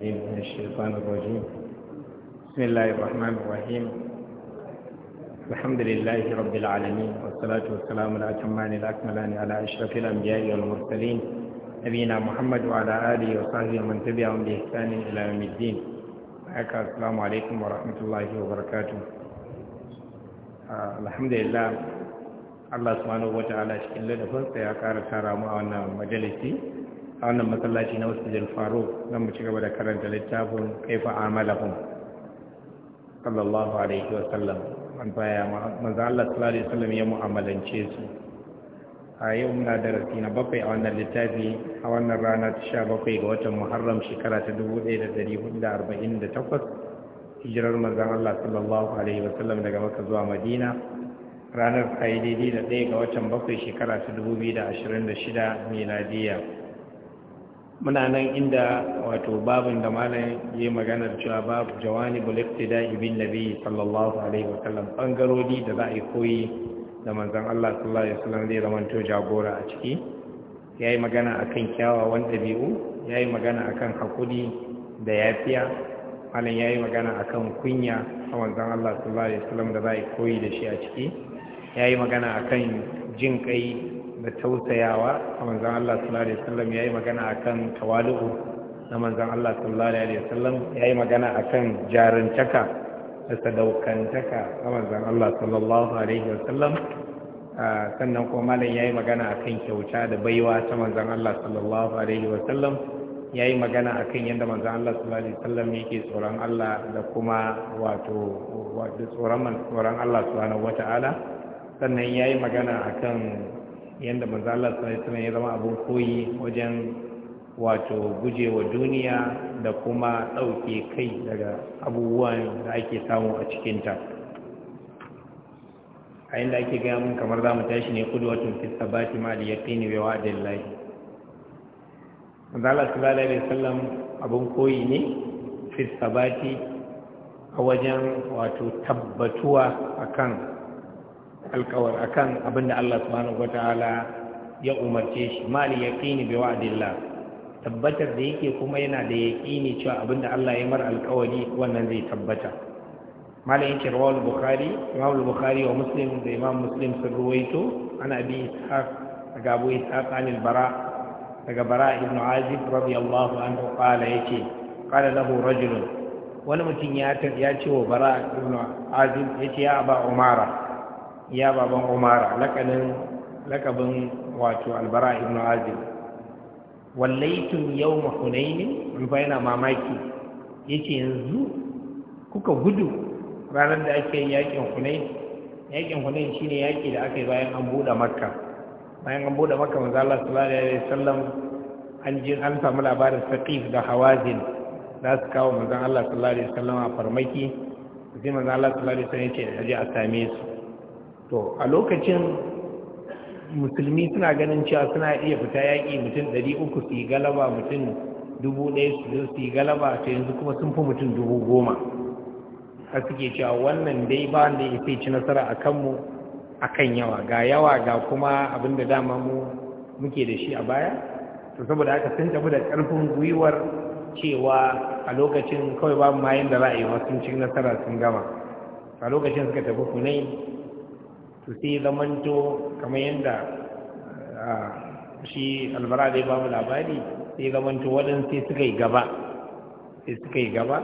من الشيطان الرجيم بسم الله الرحمن الرحيم الحمد لله رب العالمين والصلاة والسلام الأتمان الأكملان على أشرف الأنبياء والمرسلين نبينا محمد وعلى آله وصحبه ومن تبعهم بإحسان إلى يوم الدين السلام عليكم ورحمة الله وبركاته الحمد لله الله سبحانه وتعالى ta'ala cikin ladafinsa يا ƙara tara mu a wannan masallaci na wasu faruk don mu ci gaba da karanta littafin kaifa amalahum sallallahu alaihi wa sallam an baya manzo Allah sallallahu alaihi wa sallam ya mu'amalance su a yau muna darasi na bakwai a wannan littafi a wannan rana ta sha bakwai ga watan muharram shekara ta dubu ɗaya da ɗari hudu da arba'in da takwas hijirar manzon Allah sallallahu alaihi wa sallam daga maka zuwa madina ranar ta yi daidai da ɗaya ga watan bakwai shekara ta dubu biyu da ashirin da shida miladiyya muna nan inda wato babin da malam yi maganar cewa babu jawani bulibtida ibin nabi sallallahu alaihi wasallam bangarori da za a yi koyi da manzan Allah sallallahu alaihi wasallam zai zamanto jagora a ciki ya yi magana a akan kyawawan ya yi magana a kan hakuri da yafiya malam yi magana a kan kunya a manzan Allah sallallahu alaihi wasallam da za a yi koyi da shi a ciki ya yi magana a kan jin ƙai. da tausayawa a manzan Allah sallallahu alaihi wasallam yayi magana akan tawali'u na manzan Allah sallallahu alaihi wasallam yayi magana akan jarantaka da sadaukantaka a manzan Allah sallallahu alaihi wasallam sannan kuma malam yayi magana akan kyauta da baiwa ta manzan Allah sallallahu alaihi wasallam yayi magana akan yadda manzan Allah sallallahu alaihi wasallam yake tsoron Allah da kuma wato wato tsoron Allah subhanahu wataala sannan ya yi magana a kan yadda manzo Allah sallallahu alaihi ya zama abun koyi wajen wato gujewa duniya da kuma ɗauke kai daga abubuwan da ake samu a cikinta a inda ake gaya mun kamar za mu tashi ne kudwatun fi sabati ma da ne wa da lahi manzo Allah sallallahu alaihi wasallam abun koyi ne fi sabati a wajen wato tabbatuwa akan alkawar akan abinda Allah subhanahu wataala ya umarce shi mali yaqini bi wa'dillah tabbatar da yake kuma yana da yaqini cewa abinda Allah ya mar alkawari wannan zai tabbata malam yake rawal bukhari rawal bukhari wa muslim da imam muslim sun ruwaito ana bi ishaq daga abu ishaq anil bara daga bara ibn azib radiyallahu anhu qala yake qala lahu rajulun wani mutum ya ya ce wa bara ibn azib yace ya aba umara ya baban umara lakanin lakabin wato albara ibn azib wallaitun yawm hunain rubaina yana mamaki yace yanzu kuka gudu ranar da ake yakin hunain yakin hunain shine yaki da aka yi bayan an bude makka bayan an bude makka manzo Allah sallallahu alaihi wasallam an ji an samu labarin saqif da hawazin za su kawo manzo Allah sallallahu alaihi wasallam a farmaki sai manzo Allah sallallahu alaihi wasallam ya ce aje a same su to a lokacin musulmi suna ganin cewa suna iya fita yaƙi mutum ɗari uku su yi galaba mutum dubu ɗaya su yi galaba ta yanzu kuma sun fi mutum dubu goma har suke cewa wannan dai ba wanda ya fi ci nasara a kanmu a kan yawa ga yawa ga kuma abin da dama mu muke da shi a baya to saboda haka sun tafi da ƙarfin gwiwar cewa a lokacin kawai babu mayan da ra'ayi sun ci nasara sun gama a lokacin suka tafi hunain su sai zamanto kamar yadda shi albara zai ba mu labari sai zamanto waɗansu sai suka yi gaba sai suka yi gaba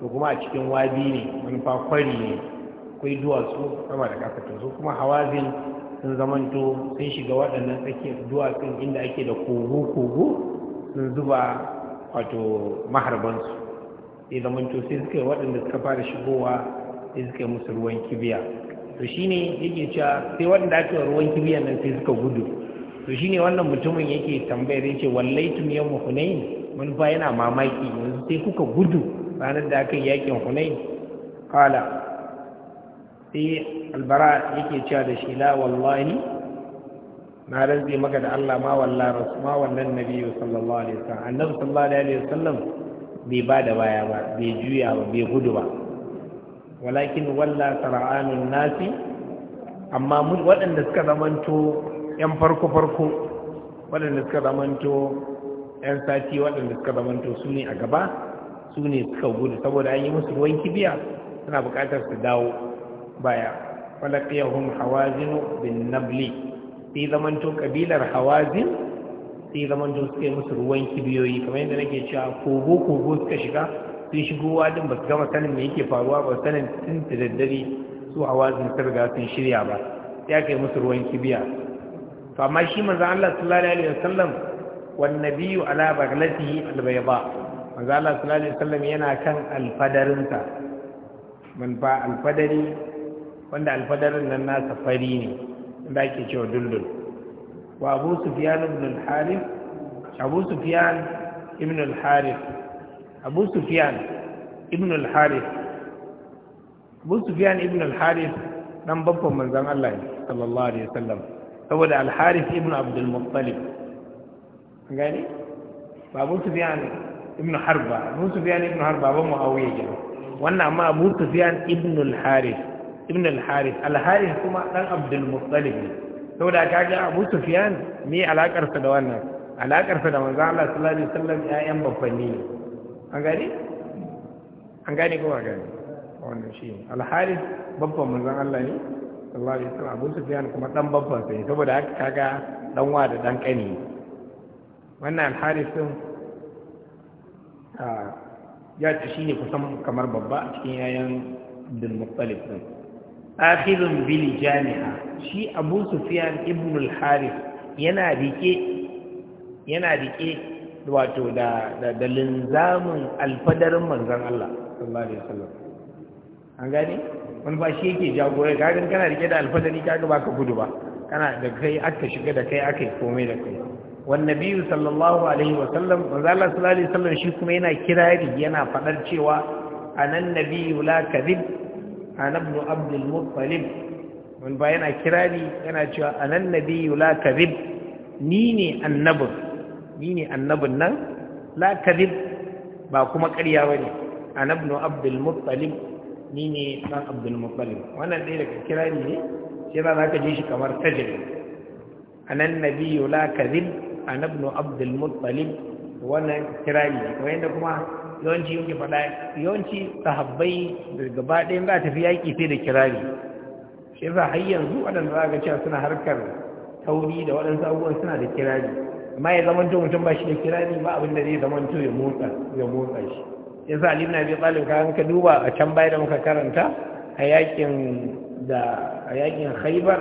to kuma a cikin wabi ne manufa fakwari ne akwai duwatsu sama da kasa to su kuma hawazin sun zamanto sun shiga waɗannan tsakiyar duwatsun inda ake da kogo-kogo sun zuba wato maharbansu sai zamanto sai suka yi waɗanda suka fara shigowa sai suka yi musu ruwan kibiya to shi ne yake cewa sai wanda aka ruwan kibiya nan sai suka gudu to shi ne wannan mutumin yake tambayar yace wallaitum yawm hunayin mun fa yana mamaki yanzu sai kuka gudu ranar da aka yi yakin hunayin kala sai albara yake cewa da shi la wallahi na rantse maka da Allah ma wallahi rasu ma wannan nabi sallallahu alaihi wasallam annabi sallallahu alaihi wasallam bai ba da baya ba bai juya ba bai gudu ba walakin walla sara'anin nasi amma waɗanda suka zamanto 'yan farko-farko waɗanda suka zamanto 'yan sati waɗanda suka zamanto su ne a gaba su ne suka gudu saboda an yi musu ruwan kibiya suna buƙatar su dawo baya falakiyahun hawazinu bin nabli sai zamanto ƙabilar hawazin sai zamanto suka yi musu ruwan kibiyoyi kamar yadda nake cewa kogo-kogo suka shiga sun shigo wadin ba su gama sanin me yake faruwa ba sanin tun da daddare su hawazin sun riga sun shirya ba ya kai musu ruwan kibiya to amma shi manzo Allah sallallahu alaihi wasallam wan nabiyyu ala baghlatihi albayda manzo Allah sallallahu alaihi wasallam yana kan alfadarinsa man ba alfadari wanda alfadarin nan nasa fari ne wanda ake cewa duldul wa abu sufyan ibn al-harith abu sufyan ibn al-harith abu sufiyan ibn al-harith abu sufiyan ibn al-harith dan babban manzon Allah sallallahu alaihi wasallam saboda al-harith ibn abdul muttalib gani ba abu sufiyan ibn harba abu sufiyan ibn harba ba muawiya kenan wannan amma abu sufiyan ibn al-harith ibn al-harith al-harith kuma dan abdul muttalib saboda kaga abu sufiyan me alakar sa da wannan alakar sa da manzon Allah sallallahu alaihi wasallam yan babbanni ne an gane an gane kuma gani wannan shi alhari babban manzon Allah ne sallallahu alaihi wasallam Abu Sufyan kuma dan babban sai saboda haka kaga dan wa da dan kani wannan alhari sun ah, ya ce shi ne kusan kamar babba a cikin yayan Abdulmuttalib din akhirun bil jami'a shi Abu Sufyan ibn al-Harith yana rike yana rike wato da da linzamin alfadarin manzon Allah sallallahu alaihi wasallam an gane wani ba shi yake jagorai ka gan kana rike da alfadari ka ga baka gudu ba kana da kai aka shiga da kai aka komai da kai wan nabiyyu sallallahu alaihi wasallam manzo Allah sallallahu alaihi wasallam shi kuma yana kirari yana fadar cewa anan nabiyyu la kadhib ana ibn abdul muttalib wani ba yana kirari yana cewa anan nabiyyu la kadhib ni ne annabin ni ne annabin nan la kadib ba kuma ƙarya ba ne annabnu abdul muttalib ni ne ɗan abdul muttalib wannan ɗaya daga kirari ne sai ba za ka ji shi kamar tajir anan nabiyu la kadib annabnu abdul muttalib wannan kirari ne kamar yadda kuma yawanci yake faɗa yawanci sahabbai da gaba ɗaya za a tafi yaƙi sai da kirari shi za har yanzu waɗanda za ga cewa suna harkar tauri da waɗansu abubuwan suna da kirari amma ya zama to mutum ba shi da kirani ba abin da zai zama to ya motsa ya motsa shi ya sa Ali na Abi Talib ka ka duba a can baya da muka karanta a yakin da a yakin Khaybar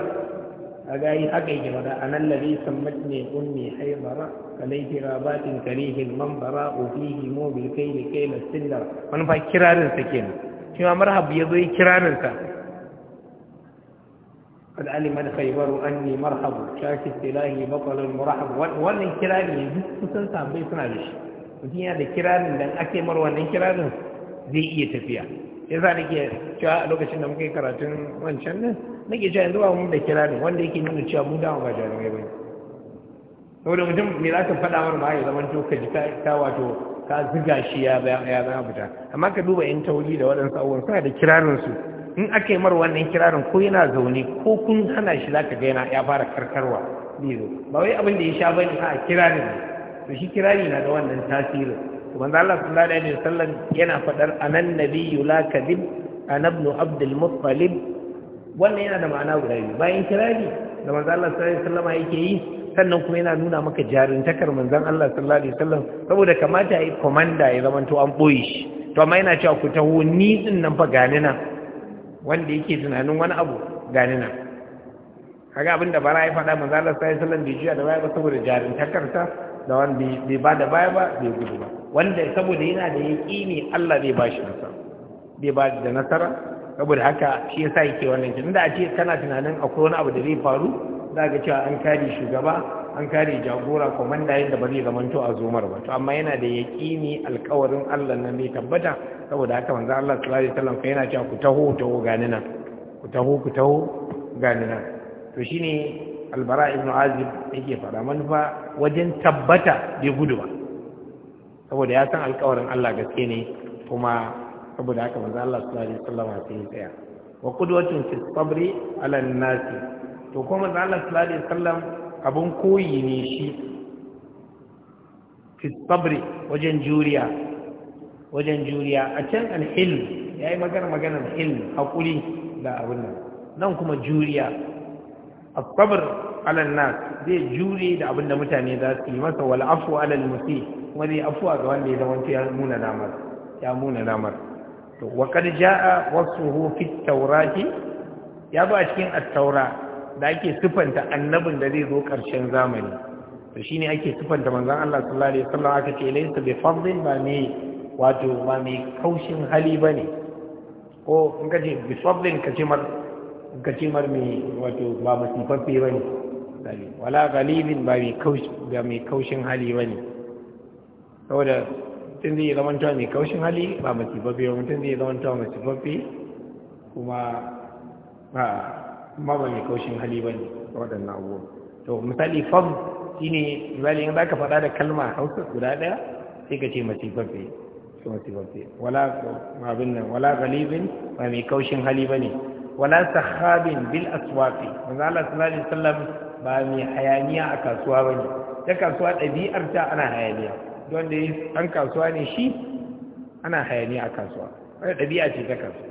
aga yi haka yake bada anan ladhi sammatni ummi haybara alayhi rabatin karihi manbara wa fihi mu bil kayl kayl sindar wannan fa kirarin sa kenan shi ma marhab ya yi kirarin sa قد علم الخيبر أني مرحب شاك استلاهي بطل المرحب wannan kirarin yanzu kusan sabai suna da shi mutum yana da kirarin da ake mar wannan kirarin zai iya tafiya ya za nake cewa a lokacin da muka yi karatun wancan nan nake cewa yanzu ba mu da kirarin wanda yake nuna cewa mu dama ba jarumai ba ne saboda mutum me za ka faɗa mar ma ka ji ka ka ziga shi ya zama fita amma ka duba yan tauli da waɗansu suna da kirarin su in aka yi mar wannan kirarin ko yana zaune ko kun hana shi zaka ga yana ya fara karkarwa bai ba wai abin da ya sha bane a kirarin to shi kirari na da wannan tasirin to manzo Allah sallallahu alaihi wasallam yana fadar anan nabiyyu la kadib ana ibn abdul muttalib wannan yana da ma'ana guda biyu bayan kirari da manzo Allah sallallahu alaihi wasallam yake yi sannan kuma yana nuna maka jarintakar manzon Allah sallallahu alaihi wasallam saboda kamata ya yi komanda ya zamanto an boye shi to amma yana cewa ku taho ni din nan fa gani wanda yake tunanin wani abu gani nan kaga abinda bara ya faɗa manzo Allah sallallahu alaihi wasallam bai juya da baya ba saboda jarintakarsa da wanda bai ba da baya ba bai gudu ba wanda saboda yana da yaqini Allah zai ba shi nasara bai ba da nasara saboda haka shi yasa yake wannan kin da a ce kana tunanin akwai wani abu da zai faru za ka cewa an kare shugaba an kare jagora komanda yadda ba zai zamanto a zomar ba to amma yana da yaƙini alƙawarin Allah nan bai tabbata saboda haka manzo Allah sallallahu alaihi wasallam yana cewa ku taho ku taho gani nan ku taho ku taho gani nan to shine albara ibn azib yake fara manufa wajen tabbata bai gudu ba saboda ya san alƙawarin Allah gaske ne kuma saboda haka manzo Allah sallallahu alaihi wasallam sai ya tsaya wa qudwatun fi sabri ala an-nas to kuma manzo Allah sallallahu alaihi wasallam abun koyi ne shi fi sabri wajen juriya wajen juriya a can alhil ya yi magana magana alhil haƙuri da abin nan nan kuma juriya a sabr alal nas zai jure da abin da mutane za su yi masa wal afu alal musi kuma zai afuwa ga wanda ya zama ya muna namar ya muna namar to wa jaa wasu fi tawrati ya ba cikin at-taura da ake sifanta annabin da zai zo ƙarshen zamani to shine ake sifanta manzon Allah sallallahu alaihi wasallam aka ce laysa bi fadlin ba ne wato ba mai kaushin hali bane ko in ka ce bi fadlin ka ce mar ka ce mar mai wato ba masifaffe bane wala galibin ba mai kaushin ba mai kaushin hali bane saboda tun zai zama tuwa mai kaushin hali ba masifaffe ba mutum zai zama mai masifaffe kuma ba ba ba mai kaushin hali ba ne waɗannan abubuwan to misali fam shi ne misali in za ka faɗa da kalma hausa guda ɗaya sai ka ce masifafe su wala abin nan wala galibin ba mai kaushin hali ba ne wala sahabin bil aswafi wanda Allah sallallahu alaihi wasallam ba mai hayaniya a kasuwa ba ne ta kasuwa ɗabi'ar ta ana hayaniya don da an kasuwa ne shi ana hayaniya a kasuwa wani ɗabi'a ce ta kasuwa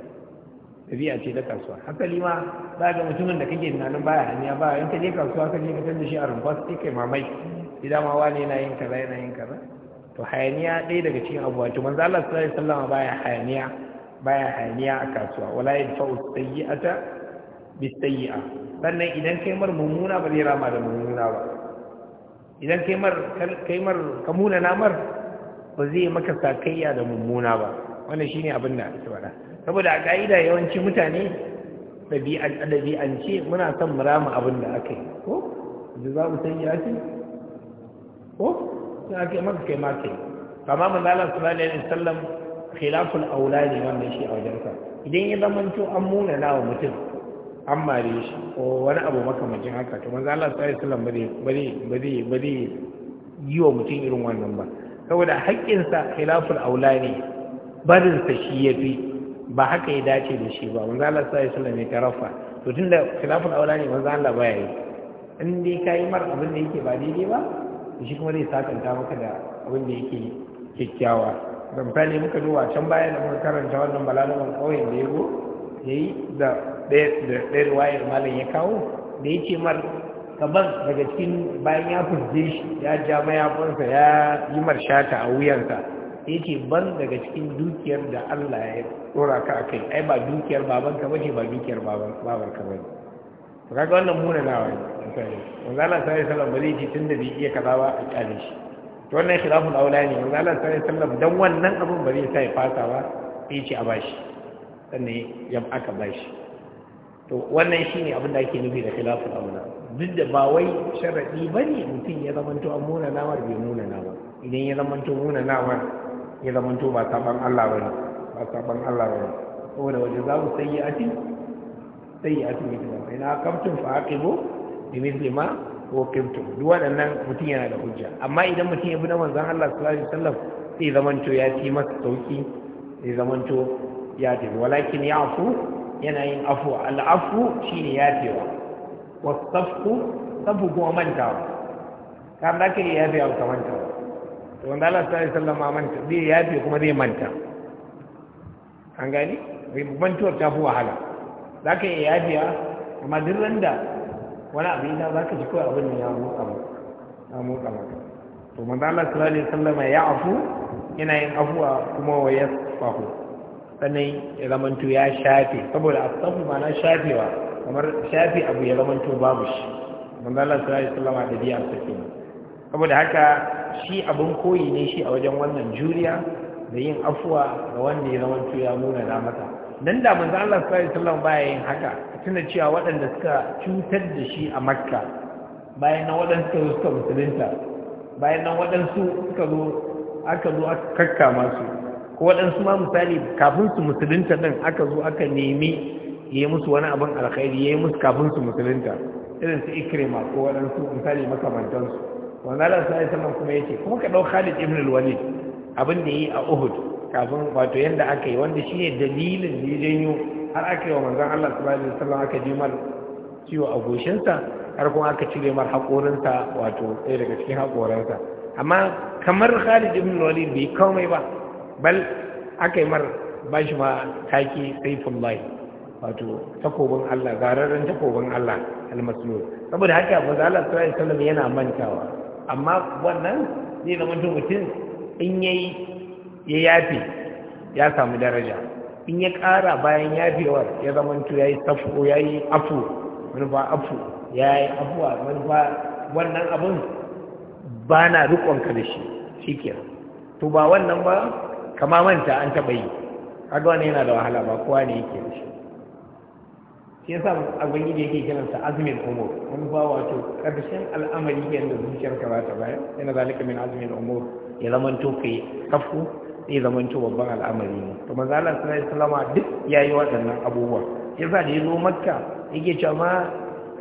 tafiya ce ta kasuwa hankali ma za ga mutumin da kake tunanin baya hanya ba in ka je kasuwa ka je ka canza shi a rumfa sai kai mamai idan ma wani yana yin kaza yana yin kaza to hayaniya ɗaya daga cikin abubuwa to manzo Allah sallallahu alaihi wasallam baya hayaniya baya hayaniya a kasuwa wala yadfa'u sayyi'ata sayyi'a sannan idan kai mar mummuna ba zai rama da mummuna ba idan kai mar kai mar ka muna namar ba zai maka sakayya da mummuna ba wannan shine abin da ake faɗa saboda a ƙa'ida yawanci mutane ɗabi'ance muna son mu abin da aka yi ko da za mu san ya ce ko sun aka yi maka kai ma kai kama mu su sallallahu alaihi sallam khilaful aula ne da shi a wajensa idan ya zama to an muna na wa mutum an mare shi ko wani abu makamacin haka to man zala su alaihi wasallam bari bari bari yi wa mutum irin wannan ba saboda haƙƙinsa khilaful aula ne barinsa shi ya fi ba haka ya dace da shi ba manzo Allah sallallahu alaihi wasallam ya tarafa to tunda khilafun aula ne manzo Allah baya yi in dai kai mar abin da yake ba daidai ba shi kuma zai sakanta maka da abin da yake kyakkyawa dan misali muka duba can baya da mun karanta wannan balalawan kauyen da yago yayi da ɗaya ruwayar malam ya kawo da ya ce mar kaban daga cikin bayan ya fuzge shi ya ja mayafinsa ya yi marshata a wuyansa ya ce ban daga cikin dukiyar da Allah ya dora ka a kai ai ba dukiyar babanka ba ce ba dukiyar babarka ba ne to kaga wannan muna nawa ne misali manzo Allah sallallahu alaihi wasallam ba zai ce da bai iya kaza ba a kyale shi to wannan khilaful aula ne manzo Allah sallallahu alaihi dan wannan abun ba zai sa ya fasa ba sai ce a bashi sannan ya aka bashi to wannan shine abin da ake nufi da khilaful aula duk da ba wai sharadi bane mutum ya zamanto an muna nawar bai muna nawar idan ya zamanto muna nawar ya zamanto ba saban Allah bane a saban Allah Ko saboda waje za mu sayi ati sayi ati ne kuma ina kamtun fa bo bi mithli ma waqimtum duk waɗannan mutum yana da hujja amma idan mutum ya bi na manzon Allah sallallahu alaihi wasallam sai zamanto ya ci masa sauki sai zamanto ya tafi walakin ya afu yana yin afu al'afu shine ya tewa wasafku sabu kuma mantawa kan da ka yi ya fi abu manta mantawa to wanda Allah sallallahu alaihi wasallam manta zai ya fi kuma zai manta an gani bai mantuwar ta fi wahala za ka iya yajiya amma duk randa wani abin da za ka ji kawai abin da ya motsa ba ya motsa ba to manzo Allah sallallahu alaihi wasallam ya afu yana yin afuwa kuma wa ya fahu sannan ya zamanto ya shafe saboda asafu ma na shafewa kamar shafe abu ya zamanto babu shi manzo Allah sallallahu alaihi wasallam da biya sa kenan saboda haka shi abin koyi ne shi a wajen wannan juriya da yin afuwa ga wanda ya zama ya nuna na mata nan da manzo Allah sallallahu alaihi wasallam baya yin haka tuna cewa waɗanda suka cutar da shi a Makka bayan nan waɗansu suka suka musulunta bayan nan waɗansu suka zo aka zo aka kakka masu ko waɗansu ma misali kafin su musulunta din aka zo aka nemi yayi musu wani abin alkhairi yayi musu kafin su musulunta irin su ikrima ko waɗansu misali makamantansu wannan Allah sallallahu alaihi wasallam kuma yake kuma ka dau Khalid ibn al-Walid abin da yi a uhud kafin wato yadda aka yi wanda shi ne dalilin da ya janyo har aka yi wa manzan allah su bayan sallan aka ji mar ciwo a goshinsa har kuma aka cire mar haƙorinsa wato ɗaya daga cikin haƙorinsa amma kamar khalid ibn walid bai komai ba bal aka yi mar ba shi ma taki saifullahi wato takobin allah zararren takobin allah almaslu saboda haka manzan allah sallallahu alaihi wasallam yana mantawa amma wannan zai zama mutum in yayi ya yafe ya samu daraja in ya ƙara bayan yafewar ya zamanto ya yi safo ya yi afu manufa afu ya yi afuwa manufa wannan abin ba na rikonka da shi shi to ba wannan ba kama manta an taɓa yi kaga wani yana da wahala ba kowa ne yake da shi shi yasa abin yi da yake kiransa azumin umur wani ba wato ƙarshen al'amari yadda ka ba ta bayan yana zalika min azumin umur ya zamanto kai kafu zama zamanto babban al'amari ne to manzo Allah sallallahu alaihi ya duk yayi waɗannan abubuwa yasa da yazo makka yake cewa ma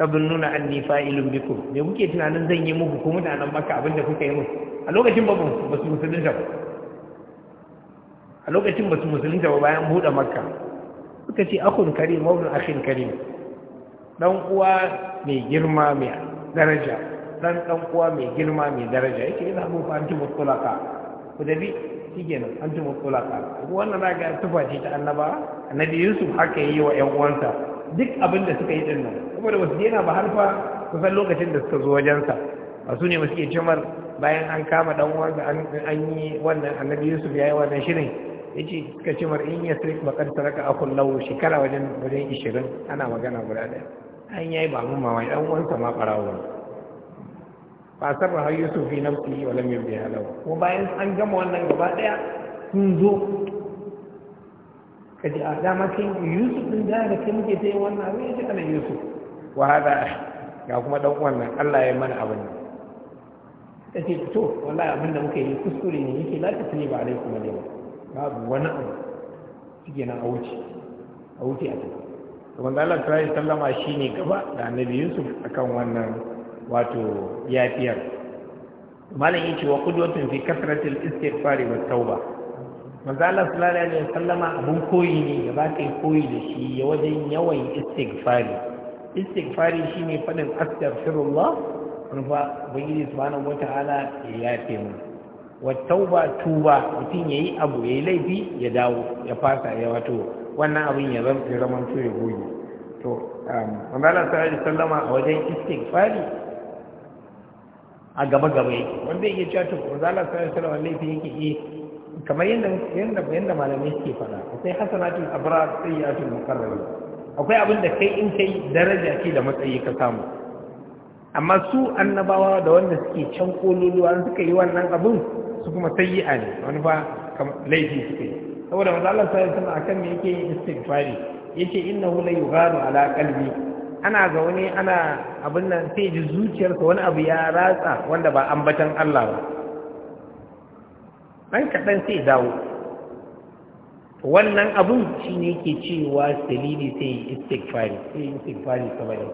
tabunnuna anni fa'ilun bikum me kuke tunanin zan yi muku ko nan makka abinda kuka yi muku a lokacin ba su musulunta ba a lokacin ba su musulunta ba bayan buɗe makka suka ce akun karim maunin akhin karim dan uwa mai girma mai daraja dan dan uwa mai girma mai daraja yake ina mun fa antum tulaka ku dabi shikenan antum tulaka wannan zaga tufa ce ta annaba annabi Yusuf haka yayi wa ƴan uwansa duk abin da suka yi din nan kuma da wasu yana ba harfa kusan lokacin da suka zo wajensa ba su ne masu suke cimar bayan an kama dan uwansa an yi wannan annabi Yusuf ya yayi wannan shirin yace suka cimar in ya yasrik maqad saraka akul lau shekara wajen wajen 20 ana magana guda daya an yayi ba mun mamaki dan uwansa ma farawo ba sarra har yusuf fi nafsi wa lam yubdi halau ko bayan an gama wannan gaba daya sun zo Ka ji a ah, dama kai yusuf din da da kai muke sai wannan abin ya ce ana yusuf wa haɗa ga kuma ɗan wannan Allah ya mana abin ta ce to wallahi abin da muka yi kuskure ne yake la ta tuni ba alaikum alayhi babu wani abu shike nan A wuce a cikin to manzo Allah yi sallama shi ne gaba da annabi yusuf akan wannan wato yafiyar malam yace wa qudwatun fi kasratil istighfari wat tauba manzo Allah sallallahu alaihi wasallama abun koyi ne ya ba kai koyi da shi ya wajen yawan istighfari istighfari shine fadin astaghfirullah rufa ubangiji subhanahu wataala ya yafe mu wat tauba tuba mutum yayi abu yayi laifi ya dawo ya fasa ya wato wannan abin ya zama ya goge to um, manzo Allah sallallahu alaihi wasallama a wajen istighfari a gaba gaba yake wanda yake cewa to manzala sai sai wasallam laifi yake yi kamar yadda yanda yanda malami yake fara akwai hasanatul abrar sayyatul muqarrab akwai abin da kai in kai daraja ce da matsayi ka samu amma su annabawa da wanda suke can kololuwa suka yi wannan abin su kuma sayyi'a ne wani fa laifi suke. saboda manzo Allah sallallahu alaihi wasallam akan me yake yin istighfari yace innahu la yughadu ala qalbi ana ga zaune ana abin nan sai ji zuciyarsa wani abu ya ratsa wanda ba ambatan Allah ba ɗan kaɗan sai dawo wannan abun shi ne ke cewa salili sai yi istighfari sai yi istighfari saba'in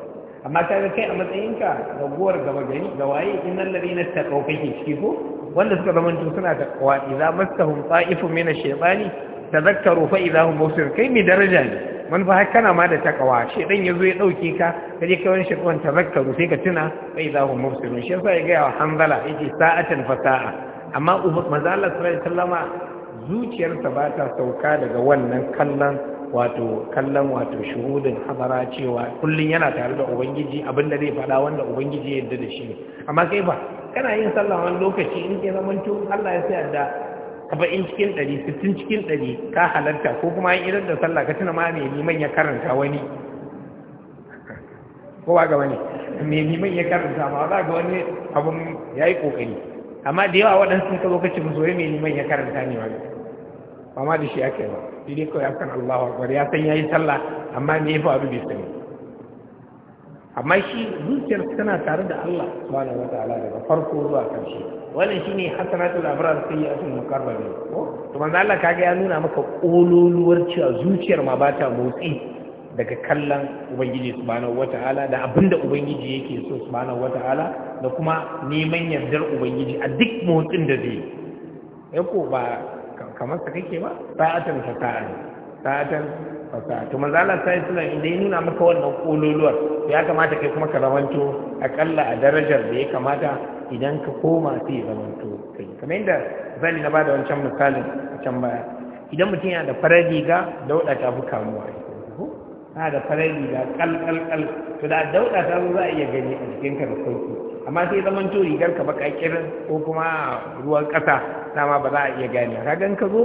amma ta ga kai a matsayinka raguwar gaba gari ga waye innan lari na taƙau kake ciki ko wanda suka zamanta suna taƙawa idan masahun ta'ifun mina shaibani tazakkaru fa idza hum musir kai ne daraja ne man fa har kana ma da takawa shedan yazo ya dauke ka kaje kai wani shekwan tazakkaru sai ka tuna fa idza hum musir shi yasa ya ga wa hanzala yake sa'atan fa sa'a amma manzo Allah sallallahu alaihi wasallama zuciyarsa ba ta sauka daga wannan kallon wato kallon wato shuhudin hadara cewa kullun yana tare da ubangiji abinda zai faɗa wanda ubangiji ya yarda da shi amma kai ba kana yin sallah wani lokaci in ke zamanto Allah ya sa da saba'in cikin ɗari sittin cikin ɗari ka halarta ko kuma an idan da sallah ka tuna ma mai liman ya karanta wani ko ba ga wani mai liman ya karanta ma za ga wani abun ya yi ƙoƙari amma da yawa waɗansu ka zo ka ci musu wai mai neman ya karanta ne wani ba ma da shi ya kai ba shi dai kawai akan allah akbar ya san ya yi sallah amma me ya fi bai sani amma shi zuciyar tana tare da Allah subhanahu ala daga farko zuwa ƙarshe wannan shine hasanatul abrar sayyatul muqarrabin ko to manzo Allah kage ya nuna maka kololuwar cewa zuciyar ma ba ta motsi daga kallon ubangiji subhanahu wataala da abinda ubangiji yake so subhanahu wataala da kuma neman yardar ubangiji a duk motsin da zai yi eh ko ba kamar sa kake ba sa'atan ta sa'an sa'atan fasaha to manzo Allah sai suna inda ya nuna maka wannan kololuwar ya kamata kai kuma ka rawanto akalla a darajar da ya kamata idan ka koma sai zaman to kai kamar yadda misali na bada wancan misalin a can baya idan mutum yana da farar riga dauɗa ta fi kamuwa na da farar riga kalkalkal to da dauɗa ta zo za a iya gani a ka da sauki amma sai zaman to rigar ka baka kirin ko kuma ruwan ƙasa dama ba za a iya gane ka gan ka zo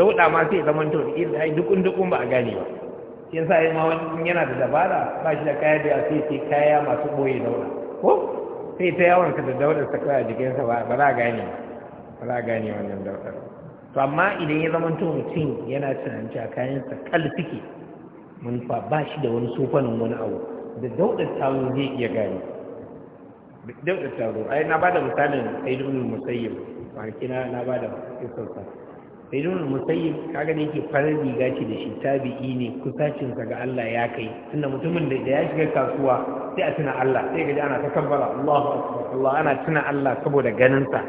dauɗa ma sai zaman to da ai dukun dukun ba a gane ba shi yasa ma wani yana da dabara ba shi da kaya da sai sai kaya masu boye dauɗa ko sai ta yawon ka da daular ta kawai a jikinsa ba ba za a gane ba za a gane wannan daular to amma idan ya zama mutum yana tunanci a kayansa kal suke manufa ba shi da wani sofanin wani abu da ta zo zai iya gane ta zo ai na ba da misalin musayyar. musayyib kina na ba da sa sayyidun musayyib kaga da yake farar riga ce da shi tabi'i ne kusacin ga Allah ya kai tunda mutumin da ya shiga kasuwa sai a tuna Allah sai ga ana ta kabbara Allahu Allah ana tuna Allah saboda ganin sa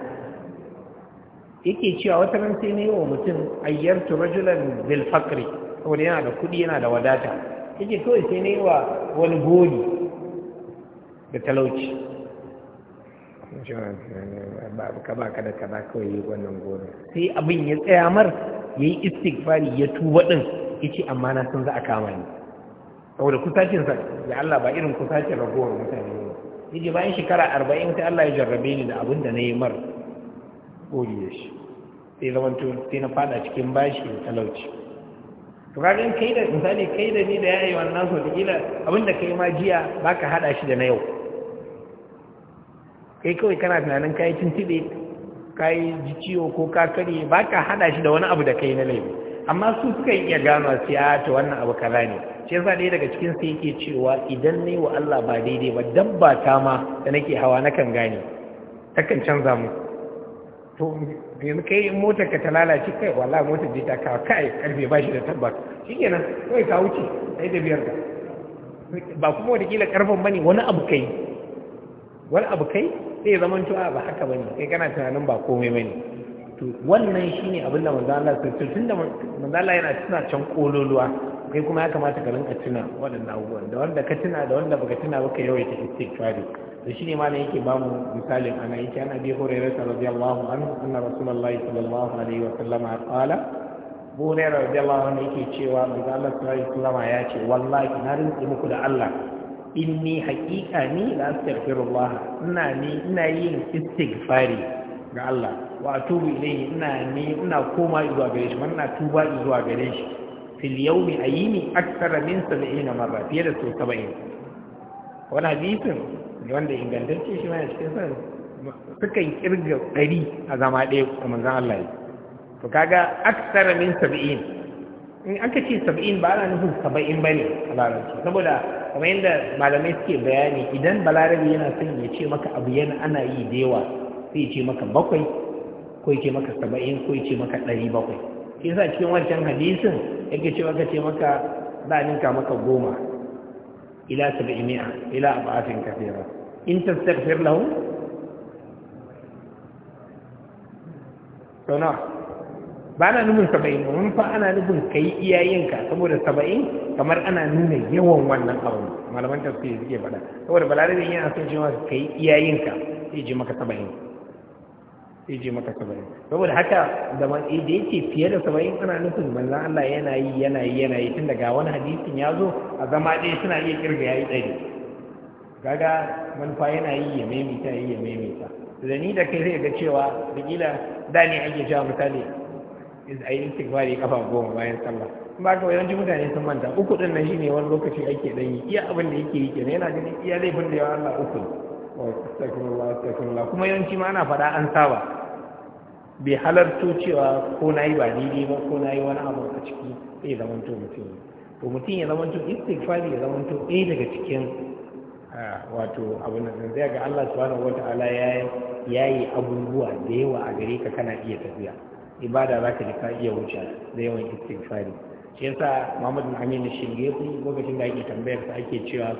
yake cewa wata ran sai yi wa mutum ayyartu rajulan bil faqri saboda yana da kuɗi, yana da wadata yake kawai sai yi wa wani gori da talauci ka ba ka da kaza kawai yi wannan gona sai abin ya tsaya mar ya yi istighfari ya tuba ɗin ya ce amma na sun za a kama ni saboda kusacinsa ya Allah ba irin kusacin ragowar mutane ne yaje bayan shekara arba'in sai Allah ya jarrabe ni da abin da na yi mar da shi sai zamanto sai na fada cikin bashi da talauci to kaga in kai da misali kai da ni da yayi wannan so da kila abin da kai ma jiya baka hada shi da na yau kai kawai kana tunanin kayi tuntube kayi ji ciwo ko ka kare ba ka hada shi da wani abu da kai na laifi amma su suka iya gano su a ah, ta wannan abu kaza ne shi yasa ɗaya daga cikin su yake cewa idan ne wa Allah ba daidai ba dabba ta ma da nake hawa na kan gane kan canza mu to yanzu kai motar ka ta lalace kai wallahi motar ji ta ka kai karfe ba shi da tabbas shikenan kai ka wuce sai da biyar ka ba kuma wata kila karfin bane wani abu kai wani abu kai sai zaman cewa ah, ba haka ba ne, sai kana tunanin ba komai bane to wannan shine abin da manzo Allah sai tun da manzo yana tuna can kololuwa kai kuma ya kamata ka rinka tuna waɗannan abubuwan da wanda ka tuna da wanda baka tuna ba ka yawaita istighfari to shine ma ne yake ba mu misalin ana yake ana bi hurairah radiyallahu anhu anna rasulullahi sallallahu alaihi wa sallama qala bu hurairah radiyallahu anhu yake cewa manzo Allah sallallahu alaihi wa sallama ya ce wallahi na rinka muku da Allah inni haƙiƙa ni la Allah ina ni ina yin istighfari ga Allah wa atubu ilayhi ina ni ina koma zuwa gare shi wannan tuba zuwa gare shi fil yawmi ayini akthar min 70 marra fiye da 70 wannan hadisin ne wanda ingantacce shi mai cikin sa suka kirga 100 a zama ɗaya kuma manzon Allah ya to kaga akthar min 70 in aka ce saba'in ba ana nufin saba'in ba ne a larabci saboda kamar yadda malamai suke bayani idan balarabe yana son ya ce maka abu yana ana yi da yawa sai ce maka bakwai ko ce maka saba'in ko ce maka ɗari bakwai shi yasa cikin wancan hadisin yake ce maka ce maka za a ninka maka goma ila saba'in mi'a ila abatin kafira in tastaghfir lahu to nawa ba na nufin saba'in ba fa ana nufin ka yi iyayenka saboda saba'in kamar ana nuna yawan wannan abu malaman ta suke faɗa saboda balarabe yana son cewa ka yi iyayenka sai je maka saba'in sai je maka saba'in saboda haka da eh, da yake fiye da saba'in ana nufin manzan Allah yana yi yana yi yana yi tun daga wani hadisin ya zo a zama ɗaya suna iya kirga ya yi ɗari gaga manufa yana yi ya maimaita ya yi ya maimaita da ni da kai zai ga cewa da kila da ne ake cewa misali a yi istighfari kafa goma bayan sallah in ba ka yawanci mutane sun manta uku din nan shine wani lokaci ake dan yi iya abin da yake yi kenan yana ganin iya zai da yawa Allah uku wa astaghfirullah astaghfirullah kuma yawanci ma ana faɗa an saba bai halarto cewa ko nayi ba daidai ba ko nayi wani abu a ciki zai zamanto mutum to mutum ya zamanto istighfari ya zamanto ɗaya daga cikin wato abin da zai ga Allah subhanahu wataala ya yi abubuwa da yawa a gare ka kana iya tafiya ibada za ka ji ka iya wuce da yawan istighfari shi yasa Amin bin Amin ku lokacin da ake tambayar sa ake cewa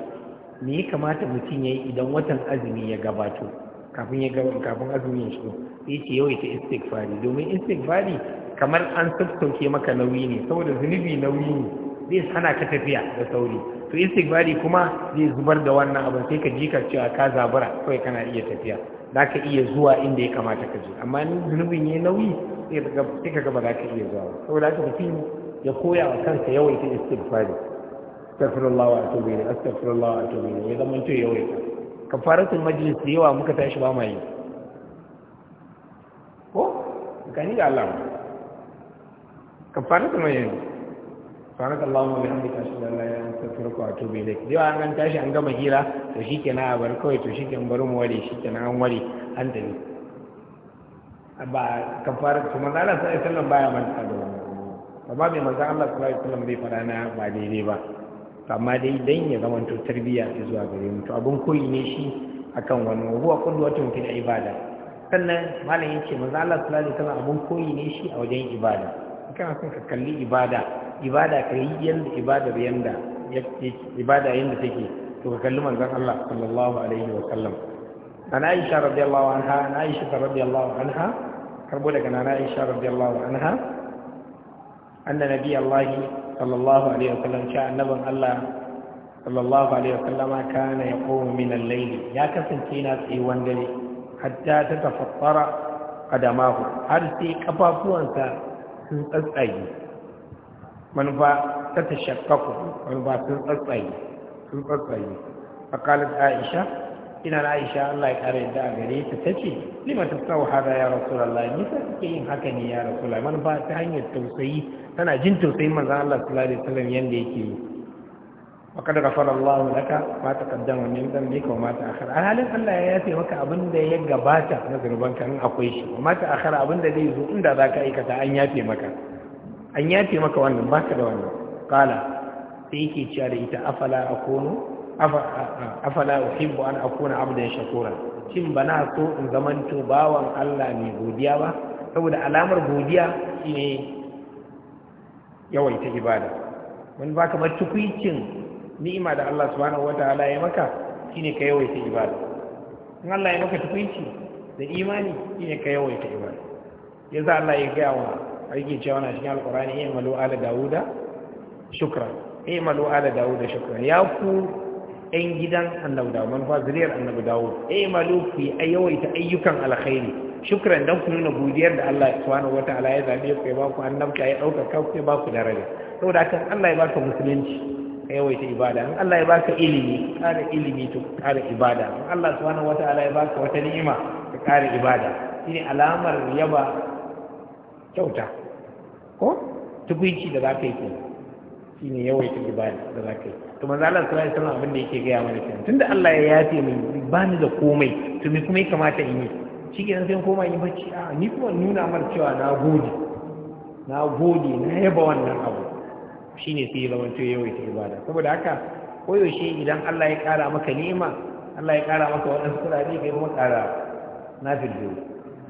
me ya kamata mutum yayi idan watan azumi ya gabato kafin ya gaba kafin azumi ya shigo sai ce yawaita istighfari domin istighfari kamar an sassauke maka nauyi ne saboda zunubi nauyi ne zai hana ka tafiya da sauri to istighfari kuma zai zubar da wannan abin sai ka ji ka cewa ka zabura kawai kana iya tafiya za ka iya zuwa inda ya kamata ka je amma in zunubin ya nauyi sai ka gaba za ka iya zuwa saboda haka mutum ya koya wa kansa yawaita istighfari astaghfirullah wa atubu ilayhi astaghfirullah wa atubu ilayhi ya zama to yawaita kafaratul majlis da yawa muka tashi ba ma yi ko ni da Allah kafaratul majlis subhanaka allahumma bihamdika ashhadu an la ilaha illa anta wa atubu ilaik yawa an tashi an gama hira to shikenan a bar kawai to shikenan bari mu ware shikenan an ware an tafi ba kafar kuma Allah sallallahu alaihi wasallam baya manta da wannan amma bai manzo Allah sallallahu alaihi wasallam bai fara na ba daidai ba amma dai dan ya zama to tarbiyya zuwa gare mu to abun koyi ne shi akan wannan huwa kullu watun ibada sannan malam yace manzo Allah sallallahu alaihi wasallam abun koyi ne shi a wajen ibada kana son ka kalli ibada ibada ka yi yanda ibadar yanda ibada yanda take to ka kalli manzon Allah sallallahu alaihi wa sallam ana Aisha radiyallahu anha ana Aisha radiyallahu anha karbo daga nana Aisha radiyallahu anha anna nabiy Allah sallallahu alaihi wa sallam sha annaban Allah sallallahu alaihi wa sallama kana yaqumu min al-layl ya kasance yana tsayuwan dare hatta ta tafattara qadamahu har sai kafafuwansa sun tsatsaye manufa ta tashakkaku manufa sun tsatsaye sun tsatsaye fakalat aisha ina na aisha Allah ya kare yadda a gare ta tace lima ta sau hada ya rasulullah ni ta suke yin haka ne ya rasulullah manufa ta hanyar tausayi tana jin tausayin manzon Allah sallallahu alaihi wasallam yanda yake yi وقد غفر الله لك ما تقدم من ذنبك وما تأخر أنا لن الله يأتي وك أبن in akwai shi, wa أقويش وما تأخر abin da zai zo inda za ka aikata an yafe maka. an yafe maka wannan ba ka da wannan kala sai yake cewa da ita afala kono afala uhibbu an akona abdan shakura shin bana so in zamanto bawan Allah mai godiya ba saboda alamar godiya shine yawaita ibada wani baka kamar tukuicin ni'ima da Allah subhanahu ta'ala ya maka shine ka yawaita ibada in Allah ya maka tukwici da imani shine ka yawaita ibada yasa Allah ya gaya wa yake cewa na cikin alkurani iya malo ala dawuda shukra ya malo ala dawuda shukra ya ku ɗan gidan annabi dawud manufa zuriyar annabi dawud ya malo ku yi yawaita ayyukan alkhairi shukran dan ku nuna godiyar da Allah subhanahu wataala ya zabe ku ya ba ku annabta ya ɗauka ku ya ba ku daraja saboda haka Allah ya baka musulunci ka yawaita ibada in Allah ya baka ilimi ƙara ilimi to ƙara ibada in Allah subhanahu wata'ala ya baka wata ni'ima ka ƙara ibada shine alamar yaba kyauta ko tukuici da za ka yi kenan shi ne yawaita ibada da za ka yi to manzo Allah sallallahu alaihi wasallam abin da yake gaya mana kenan tunda Allah ya yafe min ba ni da komai to me kuma ya kamata in yi shi kenan sai koma in bacci a ni kuma nuna mana cewa na gode na gode na yaba wannan abu shine sai ya zamanto yawaita ibada saboda haka koyaushe idan Allah ya kara maka ni'ima Allah ya kara maka waɗansu kuɗaɗe kai kuma kara na firgo.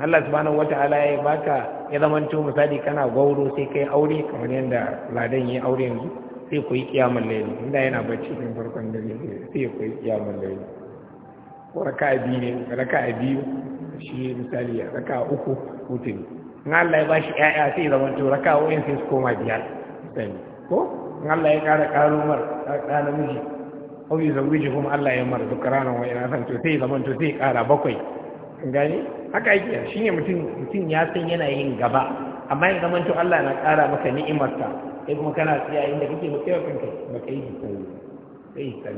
Allah subhanahu wataala ya baka ya zamanto misali kana gauro sai kai aure kamar yadda ladan yi aure yanzu sai ku yi kiyamun laili inda yana bacci ɗin farkon dare sai ku yi kiyamun laili ko raka biyu ne raka biyu shi misali raka uku hutun in Allah ya ba shi ƴaƴa sai zama to raka wayan sai su koma biyar sani ko in Allah ya ƙara ƙaro mar ɗa namiji au yi zangiji kuma Allah ya mar duk ranar wa'ina san to sai zama to sai ƙara bakwai gani haka yake shine mutum mutum ya san yana yin gaba amma in zama to Allah na ƙara maka ni'imarka kai kuma kana tsaya inda kake ba kai kanka ba kai yi sai yi sai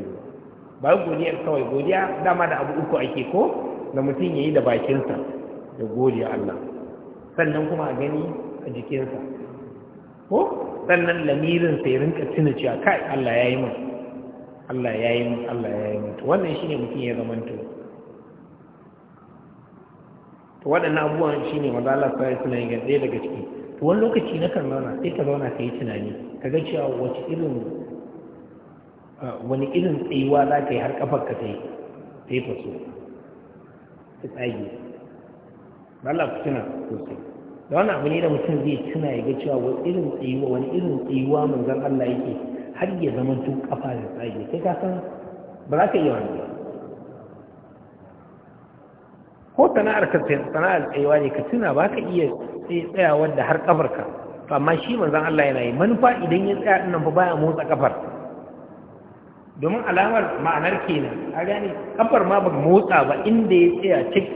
ba godiya kawai godiya dama da abu uku ake ko da mutum ya yi da bakinsa da godiya Allah sannan kuma a gani a jikinsa ko sannan lamirin sai rinka tuna cewa kai Allah ya yi min Allah ya yi min Allah ya yi mun wannan shine mutum ya zamanto to to waɗannan abubuwan ne maza Allah ya suna yin gaɗe daga ciki to wani lokaci na kan zauna sai ka zauna ka yi tunani ka ga cewa wace irin wani irin tsayuwa za ka yi har ƙafar ka ta yi, faso ta tsage Allah ku tuna sosai da wani abu ne da mutum zai tuna ya ga cewa wani irin tsayuwa wani irin tsayuwa manzon Allah yake har ya zama tun ƙafa da tsage sai ka san ba za ka yi wani ba ko sana'ar ka sana'ar tsayawa ne ka tuna ba ka iya tsaya wanda har To amma shi manzan Allah yana yi manufa idan ya tsaya nan fa baya motsa kafar domin alamar ma'anar kenan a gane kafar ma ba motsa ba inda ya tsaya cik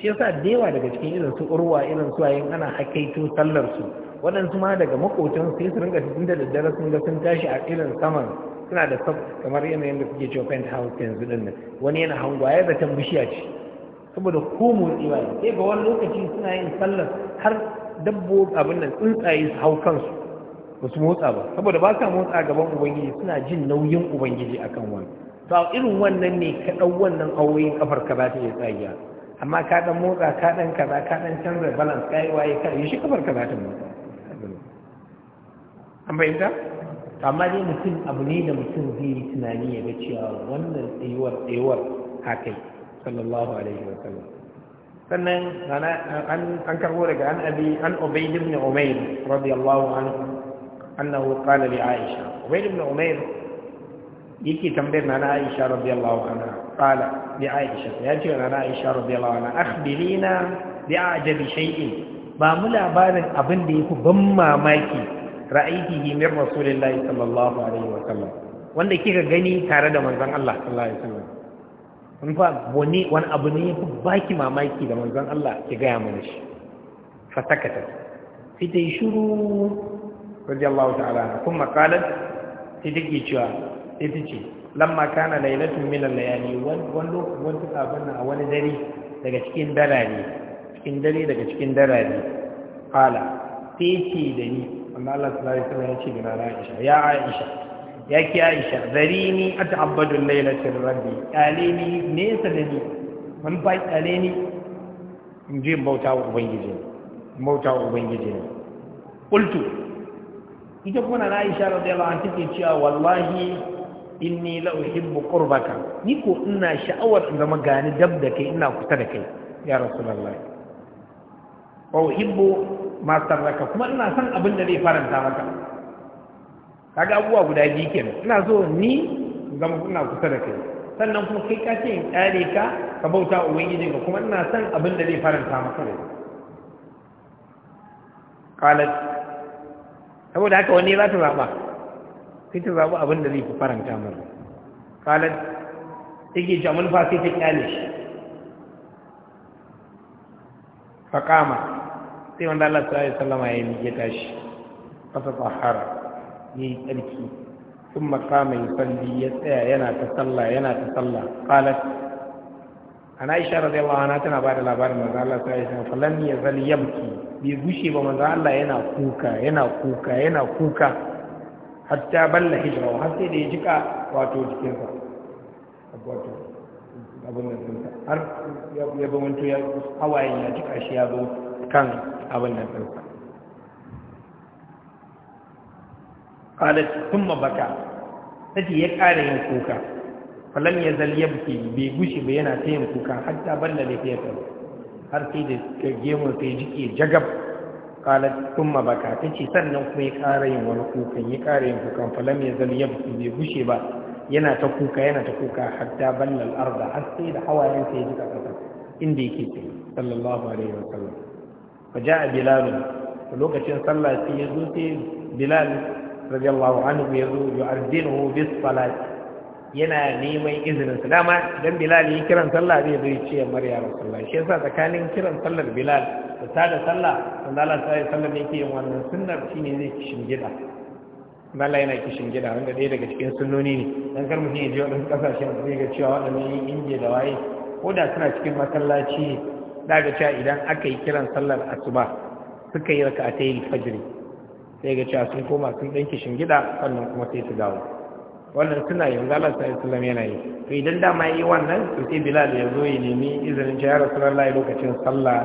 shi yasa da yawa daga cikin irin su urwa irin su ayin ana hakaito sallar su waɗansu ma daga makotan sai su ringa cikin da daddare sun ga sun tashi a irin saman suna da kamar yanayin da suke cewa penthouse yanzu din nan wani yana hangwaye da bishiya ce saboda ko motsi ba sai ga wani lokaci suna yin sallar har dabbo abin nan tsuntsaye su hau kansu ba su motsa ba saboda ba sa motsa gaban ubangiji suna jin nauyin ubangiji a kan wani to irin wannan ne ka ɗau wannan auren kafar ka za ta iya tsagiya amma ka ɗan motsa ka ɗan kaza ka ɗan canza balance ka yi waye ka yi shi kafar ka za ta motsa an fahimta amma dai mutum abu ne da mutum zai yi tunani ya ga cewa wannan tsayuwar tsayuwar haka sallallahu alaihi wa sallam sannan an karbo daga an abi an ubayd ibn umayr radiyallahu anhu annahu qala li aisha ubayd ibn umayr yake tambayar nana aisha radiyallahu anha qala li aisha ya ce nana aisha radiyallahu anha akhbirina bi ajabi shay'in ba mu labarin abin da yafi ban mamaki ra'aytihi min rasulillahi sallallahu alaihi wa sallam wanda kika gani tare da manzon Allah sallallahu alaihi wa sallam in wani wani abu ne ya fi baki mamaki da manzon Allah ki gaya mana shi fa sakata sai ta yi shuru wa ta'ala kun makalar sai take cewa sai ta ce lamma kana lailatun milan al-layali wani wani abin a wani dare daga cikin darare cikin dare daga cikin darare qala sai ce da ni Allah sallallahu alaihi wasallam ya ce ga Aisha ya Aisha ya ki aisha zarini ata'abbadu lailatin rabbi ne, nesa da ni wani ba aleni in je bauta wa ubangiji bauta wa ubangiji qultu ita kuma na aisha radiyallahu anha take cewa wallahi inni la uhibbu qurbaka ni ko ina sha'awar in zama gani dab da kai ina kusa da kai ya rasulullahi wa uhibbu ma sarraka kuma ina son abin da zai faranta maka kaga abubuwa guda biyu kenan ina so ni zama kuna kusa da kai sannan kuma kai ka in tsare ka ka bauta ubangiji ka kuma ina son abin da zai faranta maka rai qalat saboda haka wani za ta zaba sai ta zaba abin da zai fi faranta maka qalat take ji amun fa sai ta kyale shi kama sai wanda Allah sallallahu alaihi wasallam ya yi ya tashi fasa tahara ya yi tsarki sun makama ya salli ya tsaya yana ta sallah yana ta sallah a na isha aisha wa ana tana ba da labarin manzo Allah ta yi wasallam falon ya zali yabki bai gushe ba manzo Allah yana kuka yana kuka yana kuka hatta balla hijira har sai da ya jika wato jikinsa wato abin da tsinsa har ya bawanto ya hawayen ya jika shi ya zo kan abin da tsinsa qalat thumma baka sai ya ƙara yin kuka falam yazal yabki bai gushi ba yana ta yin kuka hatta balla da fiye har sai da gemun sai jike jagab qalat thumma baka ce, sannan kuma ya ƙara yin wani kukan ya ƙara yin kukan falam yazal yabki bai gushe ba yana ta kuka yana ta kuka hatta balla al-arda har sai da hawayen sai ya jika kasa inda yake ce sallallahu alaihi wa wasallam fa jaa bilal lokacin sallah sai ya zo sai bilal radiyallahu anhu ya zo yu'addinuhu bis salat yana neman izinin su dama idan bilal yi kiran sallah zai zo ce ya marya rasulullah shi yasa tsakanin kiran sallar bilal da tada sallah manzo Allah sai sallar yake yin wannan sunnar shine zai kishin gida mala yana kishin gida wanda ɗaya daga cikin sunnoni ne dan kar mutum ya je wadansu kasashen zai ga cewa waɗannan indiya da waye ko da suna cikin masallaci daga cewa idan aka yi kiran sallar asuba suka yi raka'atayil fajiri. sai ga cewa sun koma sun ɗan kishin gida sannan kuma sai su dawo wannan suna yin zalar sa islam yana yi to idan dama yi wannan to sai bilal ya zo ya nemi izinin ya rasulallah lokacin sallah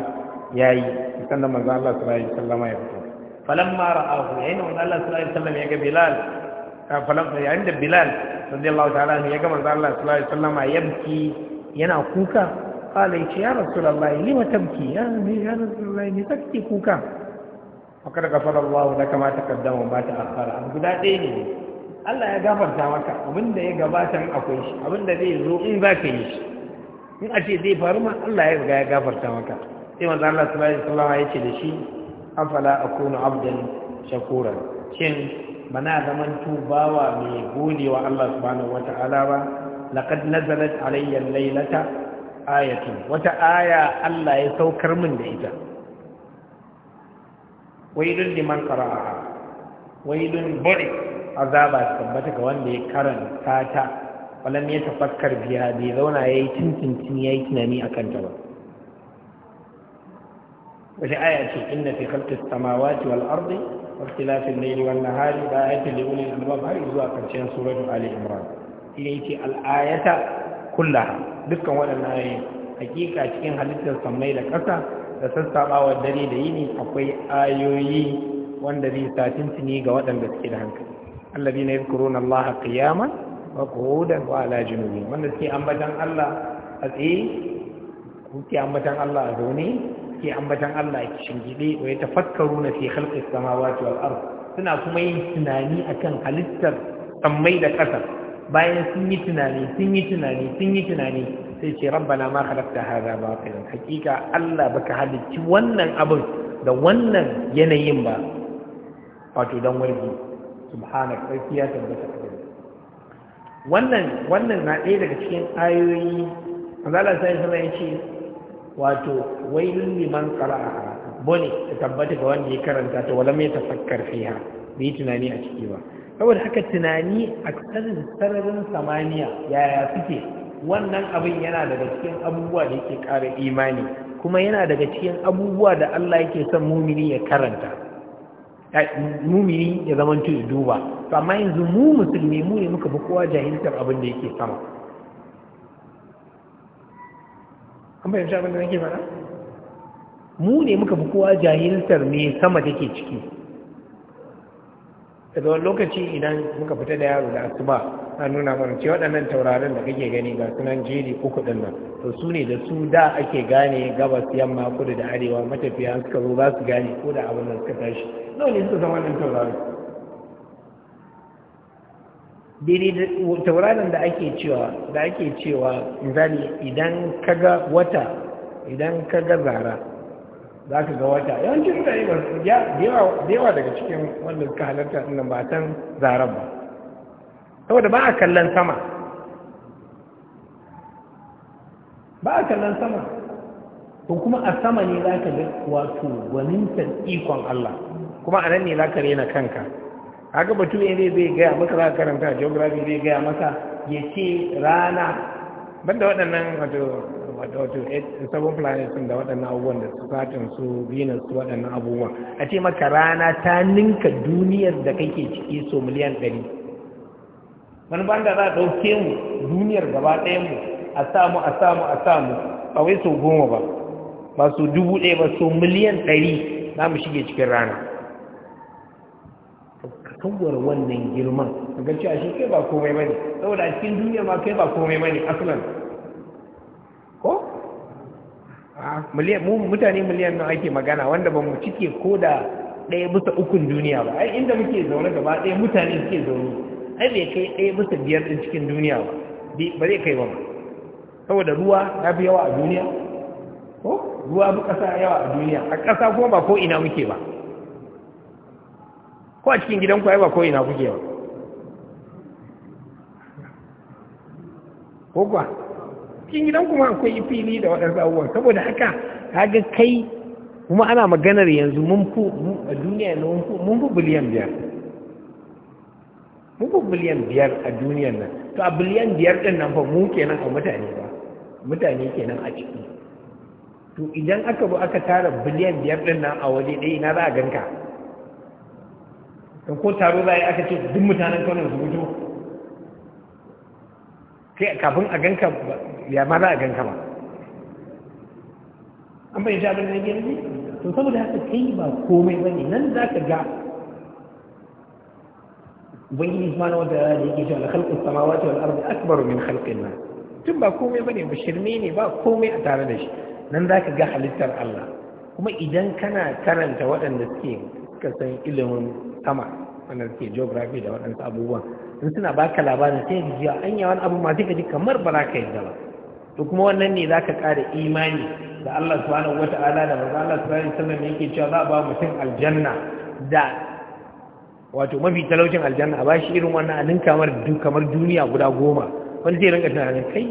ya yi sannan manzo Allah sallallahu alaihi wasallam ya fito ya yi yayin manzo Allah sallallahu alaihi wasallam ya ga bilal falam yayin da bilal radiyallahu ta'ala ne ya ga manzo Allah sallallahu alaihi wasallam yabki yana kuka qala ya ya rasulullahi lima tabki ya ya rasulullahi me kake kuka fakar gafara Allah laka ma ba ta ta'akhkhara abu guda ɗaya ne Allah ya gafarta maka abinda ya gabata in akwai shi abinda zai zo in za ka yi shi in a ce zai faru ma Allah ya riga ya gafarta maka sai manzo Allah sallallahu alaihi wasallam ya ce da shi afala akunu abdan shakura shin bana zaman tubawa mai gode wa Allah subhanahu wata'ala ba laqad nazalat alayya laylata ayatun wata aya Allah ya saukar min da ita wailun liman qara'a wailun bari azaba tabbata ga wanda ya karanta ta walam ya tafakkar biya bai zauna yayi ya yi tunani a kanta ba wace aya ce inna fi khalqis samawati wal ardi wa ikhtilafil layli wan nahari da ayatin li ulil albab har zuwa karshen suratu ali imran shi yake al ayata kullaha dukkan waɗannan ayoyi hakika cikin halittar samai da ƙasa da sassaɓawa dare da yini akwai ayoyi wanda zai sa tuntuni ga waɗanda suke da hankali allazi na yadkurun Allah qiyaman wa qu'udan wa ala junubi wanda suke ambatan Allah a tsaye suke ambatan Allah a zaune suke ambatan Allah a shingide wa yatafakkaruna fi khalqis samawati wal ard suna kuma yin tunani akan halittar sammai da ƙasa bayan sun yi tunani sun yi tunani sun yi tunani sai ce rabbana ma khalaqta hadha batilan hakika Allah baka halicci wannan abin da wannan yanayin ba wato dan wargi subhanak sarki ya tabbata ka wannan wannan na ɗaya daga cikin ayoyi Allah sai sama ya ce wato wailun liman qara'a bone ta tabbata ga wanda ya karanta ta wala mai tafakkar fiha bai tunani a ciki ba saboda haka tunani a sararin samaniya yaya suke wannan abin yana daga cikin abubuwa da yake ƙara imani kuma yana daga cikin abubuwa da Allah yake son mumini ya karanta eh, mumini ya zama ya duba to amma yanzu mu musulmi mu ne muka fi kowa jahiltar abin da yake sama an bayyana abin da nake faɗa mu ne muka fi kowa jahiltar me sama take ciki daga wani lokaci idan muka fita da yaro da asuba na nuna mana ce waɗannan taurarin da kake gani ga sunan jeri uku ɗin nan to su ne da su da ake gane gabas yamma kudu da arewa matafiya suka zo za su gane ko da abin da suka tashi nawa ne suka zama nan taurarin Dini tauraron da ake cewa da ake cewa misali idan kaga wata idan kaga zara za ka ga wata yawancin mutane yi masu yawa daga cikin wanda suka halarta ɗin ba san zaren ba saboda ba a kallon sama ba a kallon sama ko kuma a sama ne za ka ga wato gwanintar ikon Allah kuma a nan ne za ka rena kanka haka batu ne zai zai gaya maka za ka karanta geography zai gaya maka ya ce rana banda waɗannan wato wato eh, sabon planet sun da waɗannan abubuwan da satin su venus su waɗannan abubuwan a ce maka rana ta ninka duniyar da kake ciki so miliyan ɗari wani da za a ɗauke mu duniyar gaba ɗaya mu a samu a samu a samu ba wai so goma ba ba so dubu ɗaya ba so miliyan ɗari za mu shige cikin rana kawar wannan girman ga cewa shi kai ba komai bane saboda a cikin duniya ma kai ba komai bane asalin. Ah, mutane miliyan nan ake magana wanda ba mu cike ko da ɗaya bisa ukun duniya ba ai inda muke zaune gaba ɗaya mutane suke zaune ai bai kai ɗaya bisa biyar ɗin cikin duniya ba ba zai kai ba saboda ruwa ya fi yawa a duniya ko ruwa bi ƙasa yawa a duniya a ƙasa kuma ba ko ina muke ba ko a cikin gidan ku ai ba ko ina kuke ba ko kuwa cikin gidan kuma akwai fili da waɗansu abubuwan saboda haka kaga kai kuma ana maganar yanzu mun fi a duniya na mun fi biliyan biyar mun fi biliyan biyar a duniyar nan to a biliyan biyar ɗin nan fa mu kenan a mutane ba mutane kenan a ciki to idan aka bu aka tara biliyan biyar ɗin nan a waje ɗaya na za a ganka ko taro za a yi aka ce duk mutanen kano su mutu kai kafin a ganka يا ما بقى كان كمان أما إجابة من أجل ذي تنصبوا لها تكيبا كومي بني نن ذاك جاء بين إزمان ودعال يجي على خلق السماوات والأرض أكبر من خلق الناس تنبا كومي بني بشرميني با كومي أتعالى ليش نن ذاك جاء حلتر الله kuma idan kana karanta waɗanda suke kasan ilimin sama wanda suke geography da waɗansu abubuwan in suna baka labarin sai ya jiya an yi wani abu ma sai ka ji kamar ba za ka to kuma wannan ne za ka ƙara imani da Allah subhanahu ta'ala da manzo Allah sallallahu alaihi wasallam yake cewa za a ba mutum aljanna da wato mafi talaucin aljanna a bashi irin wannan a ninka mar kamar duniya guda goma wani zai rinka tunanin kai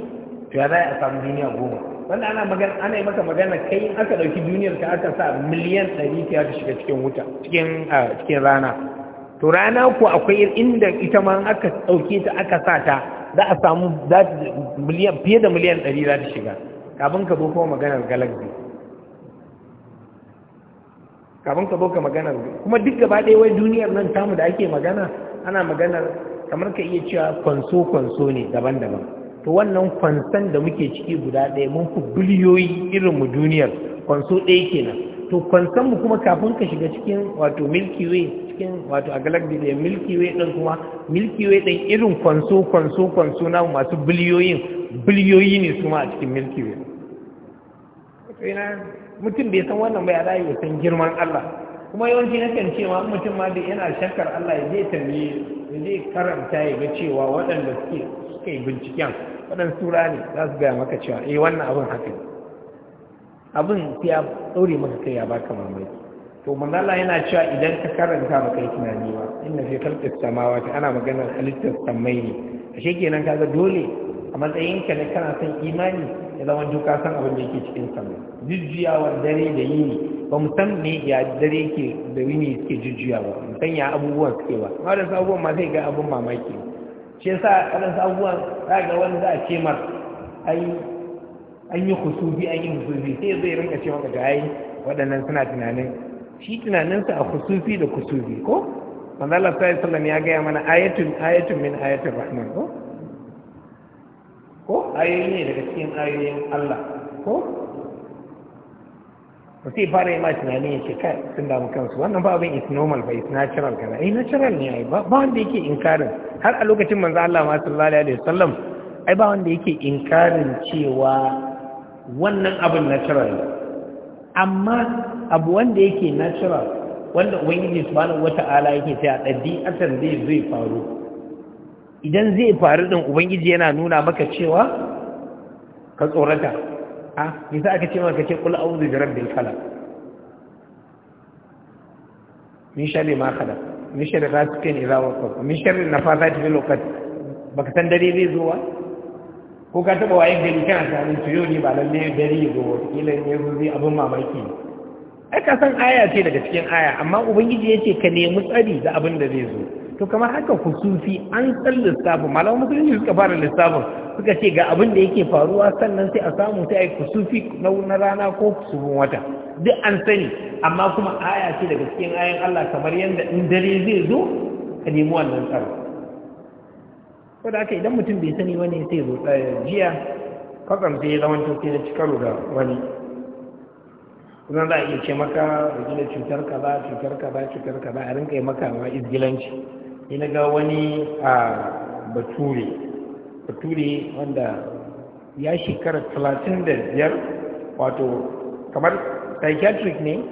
to ya za a samu duniya goma wanda ana magana ana yi maka magana kai in aka ɗauki duniyar ka aka sa miliyan ɗari ta shiga cikin wuta cikin cikin rana to rana ko akwai inda ita ma aka ɗauke ta aka sa ta za a samu fiye da miliyan 100 za ta shiga kafin ka zo kuma maganar galaxy kafin ka zo ka maganar kuma duk gaba ɗaya wai duniyar nan tamu da ake magana ana maganar kamar ka iya cewa kwanso-kwanso ne daban-daban to wannan kwanson da muke ciki guda ɗaya mun fi biliyoyi irinmu duniyar kwanso ɗaya kenan to kwanson mu kuma kafin ka shiga cikin wato milky way cikin wato a galaxy da milky way din kuma milky way din irin kwanso kwanso kwanso na masu biliyoyin biliyoyi ne su ma a cikin milky way mutum bai san wannan bai rayu san girman Allah kuma yawanci na kan cewa mutum ma da yana shakkar Allah ya je tambaye ya je karanta ya ga cewa waɗanda suke suka yi binciken waɗansu sura ne za su gaya maka cewa eh wannan abin haka ne abin ya ɗaure maka kai ya baka mamaki to manzala yana cewa idan ka karanta ba kai tunani ba inna fi khalqis samawati ana maganar halittar samai ne ashe kenan ga dole a matsayin ka ne kana son imani ya zama duka san abin da yake cikin sama jujjuyawar dare da yini ba mu san me ya dare yake da yini suke jujjuya ba mu san ya abubuwan suke ba amma da abubuwan ma sai ga abin mamaki shi yasa wadansu abubuwan za ga wani za a ce mar ai an yi husubi an yi husubi sai zai rinka ce maka ga ai waɗannan suna tunanin shi tunaninsa a kusufi da kusufi ko manzala sai sallam ya gaya mana ayatun ayatun min ayatun rahman ko ko ayoyi ne daga cikin ayoyin Allah ko ko sai fara yi ma tunanin ya ce kai sun damu kansu wannan ba abin is normal ba is natural kaza eh natural ne ai ba wanda yake inkarin har a lokacin manzo Allah ma sallallahu alaihi wasallam ai ba wanda yake inkarin cewa wannan abin natural amma abu wanda yake natural wanda ubangiji subhanahu wata'ala yake sai a asan zai zai faru idan zai faru din ubangiji yana nuna maka cewa ka tsorata a sai aka ce maka ce kul a'udhu bi rabbil falaq min sharri ma khalaq min sharri ghasiqin idha waqab min sharri nafathati fil uqad baka san dare zai zo wa ko ka taba waye gari kana samun tuyo ne ba lalle dare ya zo kila ne zai abin mamaki ne ai san aya ce daga cikin aya amma ubangiji ya ce ka nemi tsari da abin da zai zo to kamar haka kusufi an san lissafin malamin musulunci suka fara lissafin suka ce ga abin da yake faruwa sannan sai a samu sai yi kusufi na rana ko kusufin wata duk an sani amma kuma aya ce daga cikin ayan Allah kamar yadda in dare zai zo ka nemi wannan tsari ko da haka idan mutum bai sani wani sai zo jiya kwakwam sai ya zama eh, sai na da wani kuma za a iya ce maka da cutar kaza cutar kaza cutar kaza a rinka yi maka ma izgilanci ina ga wani a bature bature wanda ya shekara talatin da biyar wato kamar psychiatric ne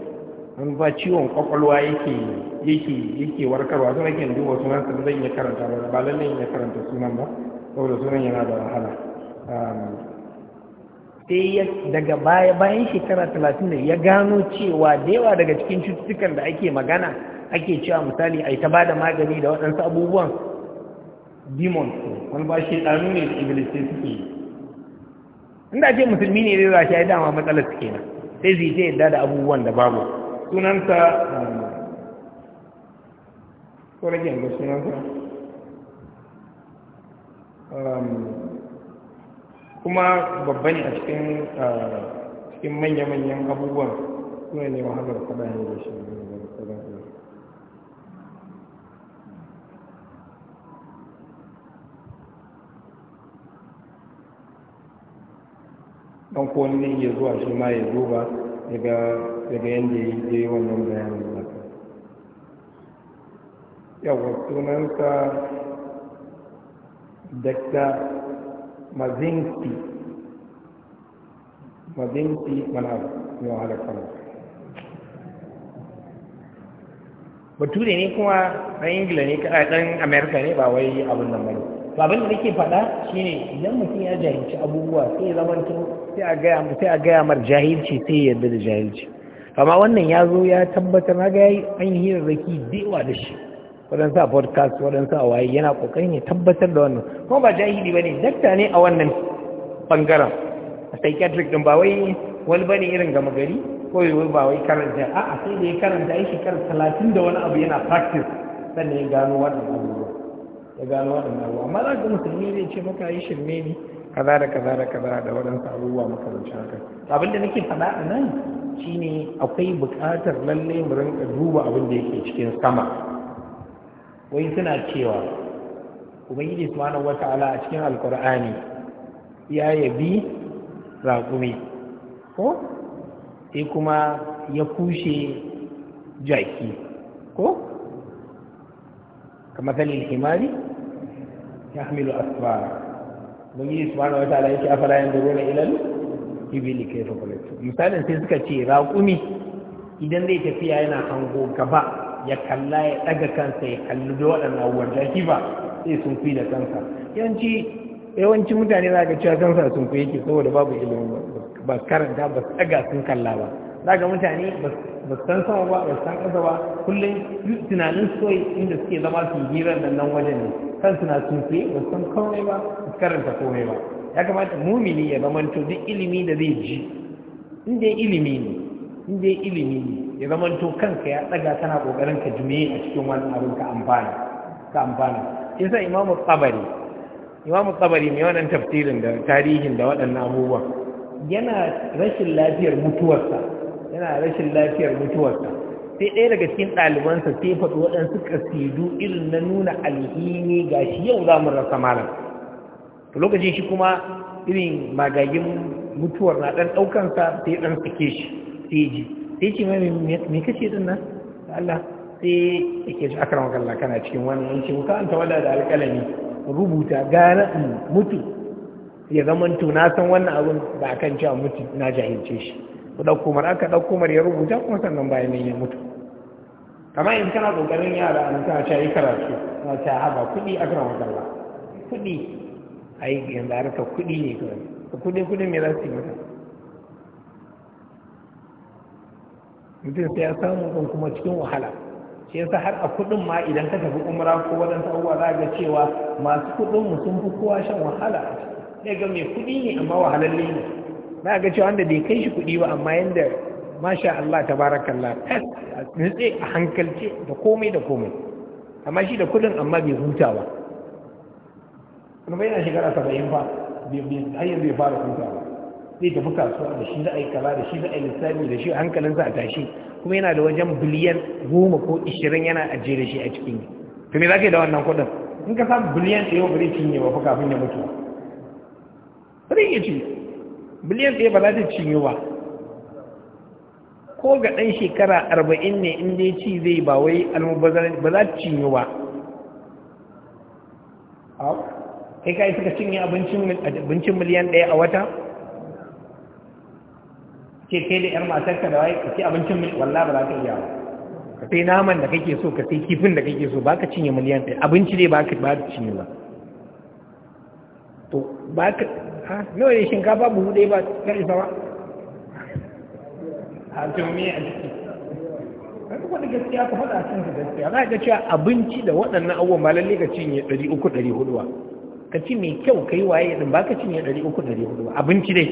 an ba ciwon kwakwalwa yake yake yake warkarwa sun duba sunan sa zai iya karanta ba lallai ya karanta sunan ba saboda sunan yana da wahala sai ya daga baya bayan shekara talatin da ya gano cewa da yawa daga cikin cututtukan da ake magana ake cewa misali a yi ta bada magani da waɗansu abubuwan demon wani ba shi ɗanu ne da sai suke yi inda ce musulmi ne zai zashi ya yi dama matsalar su kenan sai zai ta yadda da abubuwan da babu sunanta um, ko rage yanzu sunanta um, kuma babba ne a cikin manya-manyan abubuwan suna ne wahalar kada ne da shi don kowane ne iya zuwa shi ma ya duba daga yadda ya yi wannan bayanin da yawon sunansa dakta mazinki mazinki mana yau halakar bature ne kuma na ingila ne kaɗa ɗan amerika ne ba wai abin nan bane abin da nake faɗa shine idan mutum ya jahilci abubuwa sai ya sai a gaya mar jahilci sai ya yarda da jahilci amma wannan ya zo ya tabbatar na ga yi an hirarraki dewa da shi waɗansu a podcast waɗansu a waye yana ƙoƙarin ya tabbatar da wannan kuma ba jahili ba ne dakta ne a wannan ɓangaren a psychiatric ɗin ba wai wani ba ne irin gama gari ko yi ba wai karanta a a sai da ya karanta shi shekara talatin da wani abu yana practice sannan ya gano wannan abubuwa ya gano wannan abubuwa amma za ka musulmi zai ce maka yi shirme ne kaza da kaza da kaza da waɗansu abubuwa makamancin haka abin da nake faɗa a nan shine akwai buƙatar lallai mu rinƙa duba abin da yake cikin sama wai suna cewa ubangiji subhanahu wata'ala a cikin alqur'ani ya yabi raƙumi ko sai kuma ya kushe jaki ko kamar himari ya hamilu asfara ubangiji subhanahu wata'ala yake afala yanzu ruwa ilal ibili kai fa misalin sai suka ce raƙumi idan zai tafiya yana hango gaba ya kalla ya ɗaga kansa ya kalli da waɗannan abubuwan da ba sai sun fi da kansa yanci yawanci mutane za ka cewa kansa sun fi yake saboda babu ilimin ba karanta ba ɗaga sun kalla ba za mutane ba san sama ba ba san ƙasa ba kullum tunanin soyi inda suke zama su yi hirar da nan wajen ne kansu na sun fi ba san komai ba ba karanta komai ba ya kamata mumini ya zamanto duk ilimi da zai ji in dai ilimi ne in dai ilimi ne ya zamanto kanka ya tsaga tana kokarin ka jume a cikin wani abin ka amfana ka amfana yasa imamu tsabari imamu tsabari mai wannan tafsirin da tarihin da waɗannan abubuwan yana rashin lafiyar mutuwarsa yana rashin lafiyar mutuwarsa sai ɗaya daga cikin ɗalibansa sai faɗi waɗansu kasidu irin na nuna alhini ga shi yau za mu rasa malam to lokacin shi kuma irin magagin mutuwar na ɗan ɗaukansa sai ɗan sake shi sai ji sai ce mai me kace din nan Allah sai yake ji akrama kalla kana cikin wannan yanci ko muka an tawada da alƙalami rubuta gana mutu ya zaman to na san wannan abun ba kan cewa mutu na jahilce shi ku dauko mar aka dauko mar ya rubuta kuma sannan bayan ya mutu kama in kana kokarin yara an ta ta yi karatu na ta haba kuɗi akrama kallah kuɗi ai yanzu arka kuɗi ne kawai kuɗi kuɗi me za su yi mata mutum sai ya samu ɗin kuma cikin wahala shi yasa har a kuɗin ma idan ka tafi umra ko wajen abubuwa za ga cewa masu kuɗin mu sun fi kowa shan wahala ne ga mai kuɗi ne amma wahalalle ne za ga cewa wanda bai kai shi kuɗi ba amma yanda masha Allah tabarakallah tas nutse a hankalce da komai da komai amma shi da kuɗin amma bai huta ba kuma yana shekara saba'in ba har yanzu bai fara hutawa. zai tafi kasuwa da shi za a yi kaza da shi za a yi lissafi da shi hankalinsa a tashi kuma yana da wajen biliyan goma ko ishirin yana ajiye da shi a cikin to me za ka yi da wannan kuɗin in ka samu biliyan ɗaya ba zai cinye ba kafin ya mutu ba zai iya ci biliyan ɗaya ba za ta cinye ba ko ga ɗan shekara arba'in ne in dai ci zai ba wai almubazarin ba za ta cinye ba kai kai suka cinye abincin miliyan ɗaya a wata ke kai da yar matarka da waye ka ci mil wallahi ba za ka iya ba ka sai naman da kake so ka sai kifin da kake so baka cinye miliyan ɗaya abinci dai baka ba ka cinye ba to baka ha nawa ne shinkafa buhu ɗaya ba ta isa ba a tumi a ciki wani wani gaskiya ka faɗa cin su gaskiya za ka cewa abinci da waɗannan abubuwan ba lalle ka cinye ɗari uku ɗari huɗu ba ka ci mai kyau ka yi waye ɗin ba ka cinye ɗari uku ɗari huɗu ba abinci dai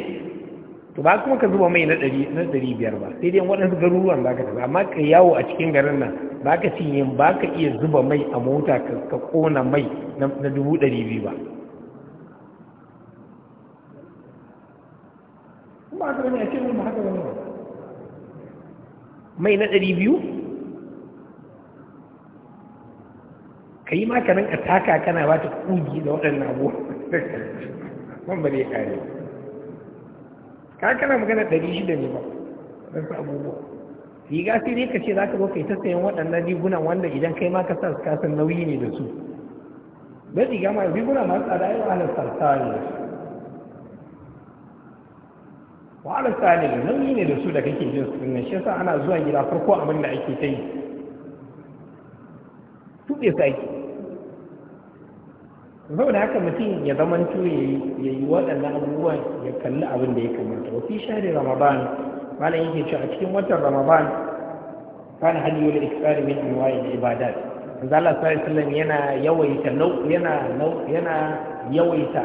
to ba kuma ka zuba mai na ɗari biyar ba sai dai waɗansu garuruwan ba ka tafi amma ka yawo a cikin garin nan ba ka cinye ba ka iya zuba mai a mota ka ƙona mai na dubu ɗari biyu ba ba haka wani a ce ba haka wani ba mai na ɗari biyu ka yi kanan ka taka kana ba ta ƙugi da waɗannan abubuwa ban ba ne kare ka kana magana ɗari shida ne ba su abubuwa riga sai dai ka ce za ka zo kai ta sayan waɗannan rigunan wanda idan kai ma ka sa su kasan nauyi ne da su don riga ma riguna masu tsada yau ana sarsawa ne da su ala tsari da nauyi ne da su da kake jin su ne shi yasa ana zuwa gida farko abin da ake ta yi tuɓe sake saboda haka mutum ya zaman ya yi waɗannan abubuwan ya kalli abin da ya kamata wa fi shahri ramadan malam yake cewa a cikin watan ramadan kana hadiyu lil iksari min anwa'i ibadat manzo Allah sallallahu yana yawaita yana yana yawaita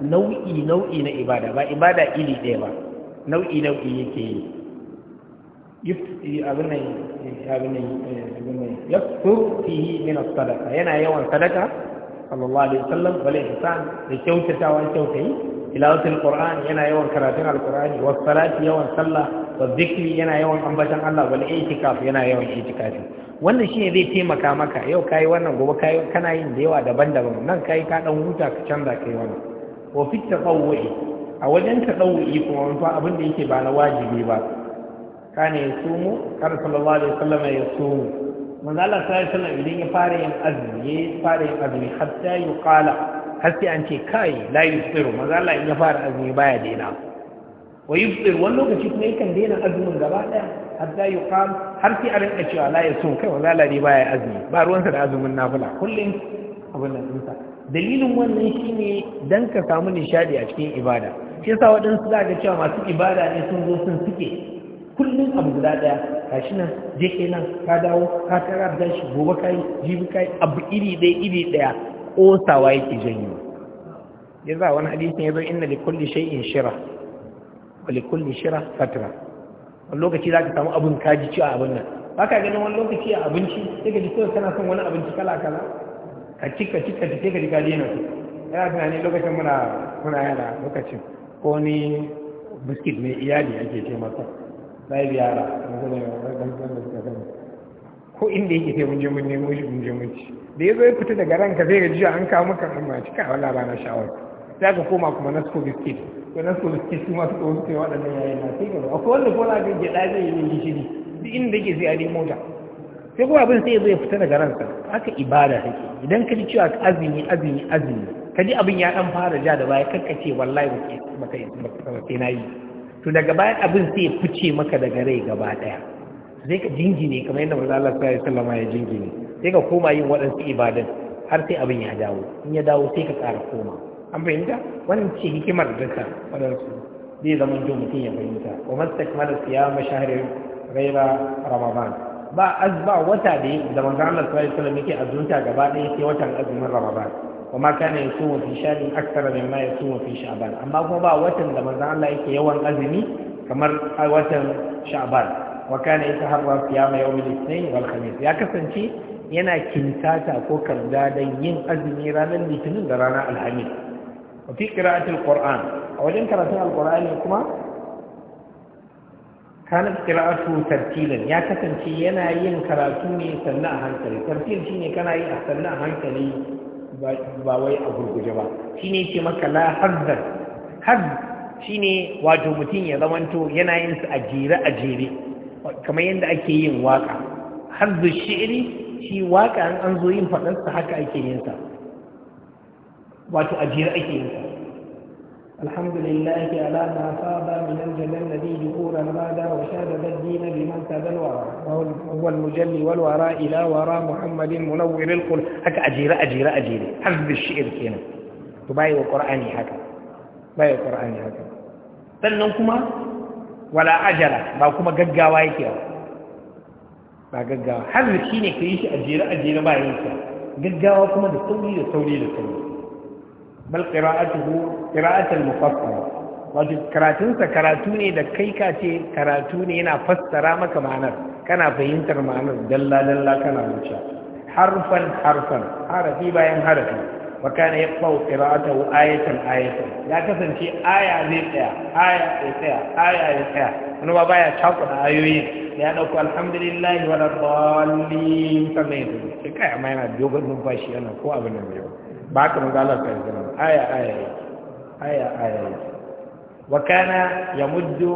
nau'i nau'i na ibada ba ibada iri ɗaya ba nau'i nau'i yake yi abin nan eh, yaftur fihi min as-sadaqa yana yawan sadaka sallallahu alaihi wasallam wal ihsan da kyautatawa kyautayi tilawatul qur'an yana yawan karatun alqur'ani was salati yawan sallah was zikri yana yawan ambatan Allah wal i'tikaf yana yawan i'tikafi wannan shi ne zai taimaka maka yau kayi wannan gobe kayi kana yin da yawa daban-daban nan kayi ka dan huta ka canza kai wannan wa fit tatawwu'i a wajen tatawwu'i kuma fa abin da yake ba na wajibi ba kana yasumu kar sallallahu alaihi wasallam yasumu manzo Allah sai idan ya fara yin azumi ya fara yin azumi ya kala har sai an ce kai la yusiru manzo Allah in ya fara azumi baya daina wa yufsir wani lokaci kuma yakan daina azumin gaba daya ya yuqal har sai an rinka cewa la yusiru kai manzo Allah ne baya azumi ba ruwansa da azumin nafila kullum abin nan dinsa dalilin wannan shine dan ka samu nishadi a cikin ibada shi yasa waɗansu za ga cewa masu ibada ne sun zo sun suke kullum abu guda daya shi nan je kenan ka dawo ka tara da shi gobe kai jibi kai abu iri dai iri daya kosawa yake janyo ya za wani hadisin ya zo inna li kulli shay'in shira wa li kulli shira fatra wani lokaci za ka samu abun kaji ci a abun nan ba ka ganin wani lokaci a abinci sai ka ji kawai kana son wani abinci kala kala ka ci ka ci ka ci sai ka ji ka daina su yana tunani lokacin muna muna lokacin ko ni biskit mai iyali ake ce masa da yi ziyara ko inda yake sai mun je mun nemo shi mun je mun ci da ya ya fita daga ranka ga jiya an kawo maka an ma cika a wala ba na shawar za ka koma kuma na sko biskit ko na sko kuma su masu suke su waɗannan yayin na sai gaba akwai wanda ko na ga gyaɗa zai yi shiri duk inda yake sai a nemo ta sai kuma abin sai ya zo ya fita daga ransa haka ibada take idan ka ji cewa azumi azumi azumi ka ji abin ya ɗan fara ja da baya kakkace wallahi ba kai na yi to daga bayan abin sai fice maka daga rai gaba daya sai ka jingine kamar yadda manzo Allah sallallahu alaihi wasallam ya jingine sai ka koma yin waɗansu ibadan har sai abin ya dawo in ya dawo sai ka tsara koma an fahimta wannan ce hikimar da ta waɗansu zai zama jin mutum ya fahimta wa mastakmala siyam shahrin ghaira ramadan ba azba wata da manzo Allah sallallahu alaihi wasallam yake azunta gaba ɗaya sai watan azumin ramadan wa ma kana yasumu fi sha'in akthar mimma yasumu fi sha'ban amma kuma ba watan da manzo Allah yake yawan azumi kamar watan sha'ban wa kana yataharra siyama yawm al-ithnain wal khamis ya kasance yana kintata ko karda dan yin azumi ranar litinin da ranar alhamis wa fi qira'atil qur'an a wajen karatun alqur'ani kuma kanat qira'atu tartilan ya kasance yana yin karatu ne sannan a hankali tartil shine kana yi a sannan a hankali ba wai a gurguje ba shi ne ke maka la harzar har shi ne wato mutum ya zamanto yana yin su a jere a jere kamar yadda ake yin waka harzu shi'iri shi waka an zo yin faɗarsa haka ake yin sa wato a jere ake yin sa الحمد لله على ما صاب من الجنة الذي ذكور المادى وشاد الدين بمن تاب الورى وهو المجل والورى إلى وراء محمد منور القلوب هكا أجيرة أجيرة أجيرة حفظ الشعر كينا تباي وقرآني هكا باي وقرآني هكا سننكما ولا عجلة باكما قجاوا يكيو ba gaggawa حفظ da shi ne اجيره yi shi a jere a jere ba yin bal qira'atuhu qira'atul mufassal wato sa karatu ne da kai ka ce karatu ne yana fassara maka ma'anar kana fahimtar ma'anar dalla dalla kana wuce harfan harfan harafi bayan harafi wa kana yaqra'u qira'atahu ayatan ayatan ya kasance aya ne tsaya aya ne tsaya aya ne tsaya wani ba baya takura ayoyi ya dauko alhamdulillahi wa rabbal alamin sannan ya kai amma yana dogon numfashi yana ko abin da bai ba haka manzo Allah ta yi aya aya aya aya wa kana yamuddu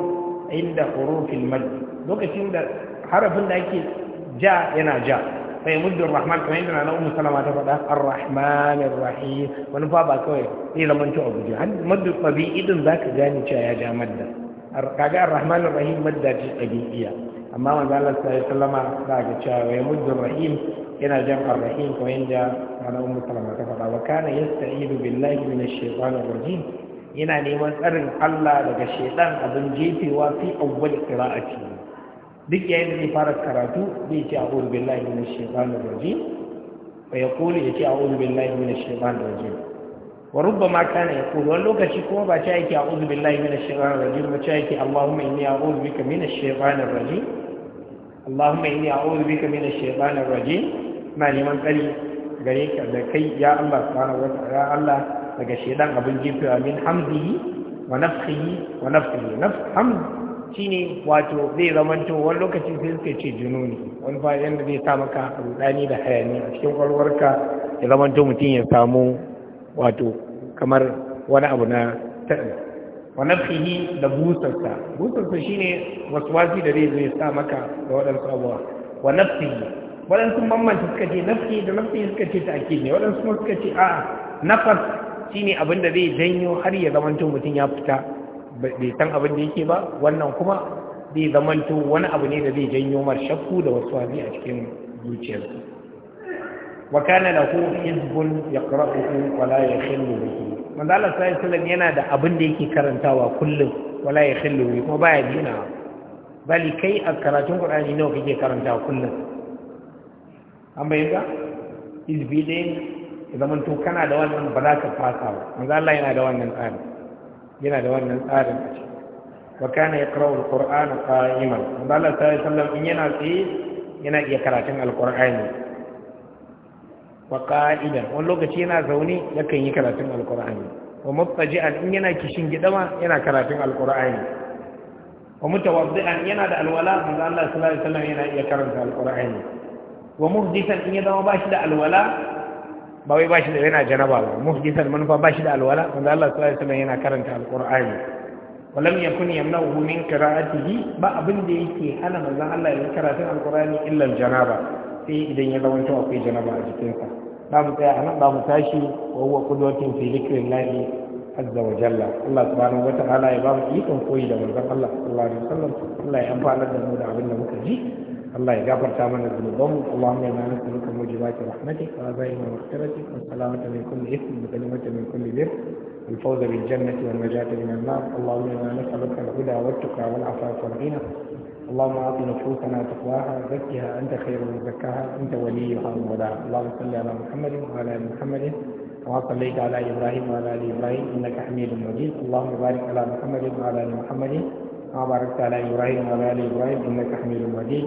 inda hurufil mad lokacin da harafin da ake ja yana ja sai muddin rahman kamar yadda na ummu sallama ta faɗa ar-rahman ar wani fa ba kawai zai zama to abu har muddin tabi'i din zaka gani cewa ya ja madda kaga ar-rahman ar-rahim madda ce tabi'iya amma manzo Allah sallallahu alaihi wasallama ga cewa ya muddin rahim yana jan arrahim kamar yadda mana ummu salama ta faɗa wa kana yasta'idu billahi minash shaitanir rajim yana neman tsarin Allah daga shaitan abin jefewa fi awwal qira'ati duk yayin da zai fara karatu zai ce a'udhu billahi minash shaitanir rajim fa yaqulu yace a'udhu billahi minash shaitanir rajim wa rubbama kana yaqulu wani lokaci kuma ba ta yake a'udhu billahi minash shaitanir rajim ba ta yake allahumma inni a'udhu bika minash shaitanir rajim اللهم إني أعوذ بك من الشيطان الرجيم ina neman tsari gare ka da kai ya Allah subhanahu wa ta'ala ya Allah daga shedan abin wa min hamdihi wa nafsihi wa nafsihi nafs hamd shine wato zai to wani lokaci sai suka ce jununi wani fa yanda zai sa maka rudani da hayani a cikin kwalwarka ya to mutum ya samu wato kamar wani abu na wa nafsihi da busarsa busarsa shine waswasi da zai zai ya sa maka da waɗansu abuwa wa nafsihi waɗansu bambanta suka ce nafsi da nafsi suka ce ta'kid ne waɗansu kuma suka ce a nafas shine abin da zai janyo har ya zamanto mutum ya fita bai san abin da yake ba wannan kuma zai zamanto wani abu ne da zai janyo mar da wasu wazi a cikin zuciyarsa wa kana lahu ya yaqra'uhu wa la yakhillu bihi manzo Allah sallallahu alaihi yana da abin da yake karantawa kullum wala ya yakhillu kuma baya dinawa bali kai a karatun Qur'ani nawa kake karantawa kullum an bai ga izbi ne. ya zama to kana da wannan ba za ka fasa ba manzo Allah yana da wannan tsarin yana da wannan tsarin a ciki wa kana yaqra'u al a ƙa'imar manzo Allah sallallahu alaihi sallam in yana tsaye yana iya karatun Alƙur'ani ba wa wani lokaci yana zaune yakan yi karatun al-qur'ani wa muttaji'an in yana kishin gida ma, yana karatun al-qur'ani wa mutawaddi'an yana da alwala manzo Allah sallallahu alaihi wasallam yana iya karanta alqur'ani wa muhdisan in ya zama ba shi da alwala ba wai ba shi da yana janaba ba muhdisan manufa ba shi da alwala wanda Allah sallallahu alaihi yana karanta alqur'ani wa lam yakun yamna'uhu min qira'atihi ba abin da yake hana manzon Allah ya karanta alqur'ani illa janaba sai idan ya zama to akwai janaba a jikinsa za mu tsaya anan ba mu tashi wa huwa qudwatun fi dhikrillahi azza wa jalla Allah subhanahu wa ta'ala ya ba mu ikon koyi da manzon Allah sallallahu alaihi wasallam Allah ya amfana da mu da abin da muka ji الله يغفر تعمل ذنوبهم اللهم انا نسالك موجبات رحمتك وابائنا ومغفرتك والسلامه من كل اثم وكلمه من كل بر الفوز بالجنه والنجاه من النار اللهم انا نسالك الهدى والتقى والعفاف والغنى اللهم اعط نفوسنا تقواها زكها انت خير من زكاها انت وليها ومولاها اللهم صل على محمد وعلى ال محمد كما صليت على ابراهيم وعلى ال ابراهيم انك حميد مجيد اللهم بارك على محمد وعلى ال محمد كما باركت على ابراهيم وعلى ال ابراهيم انك حميد مجيد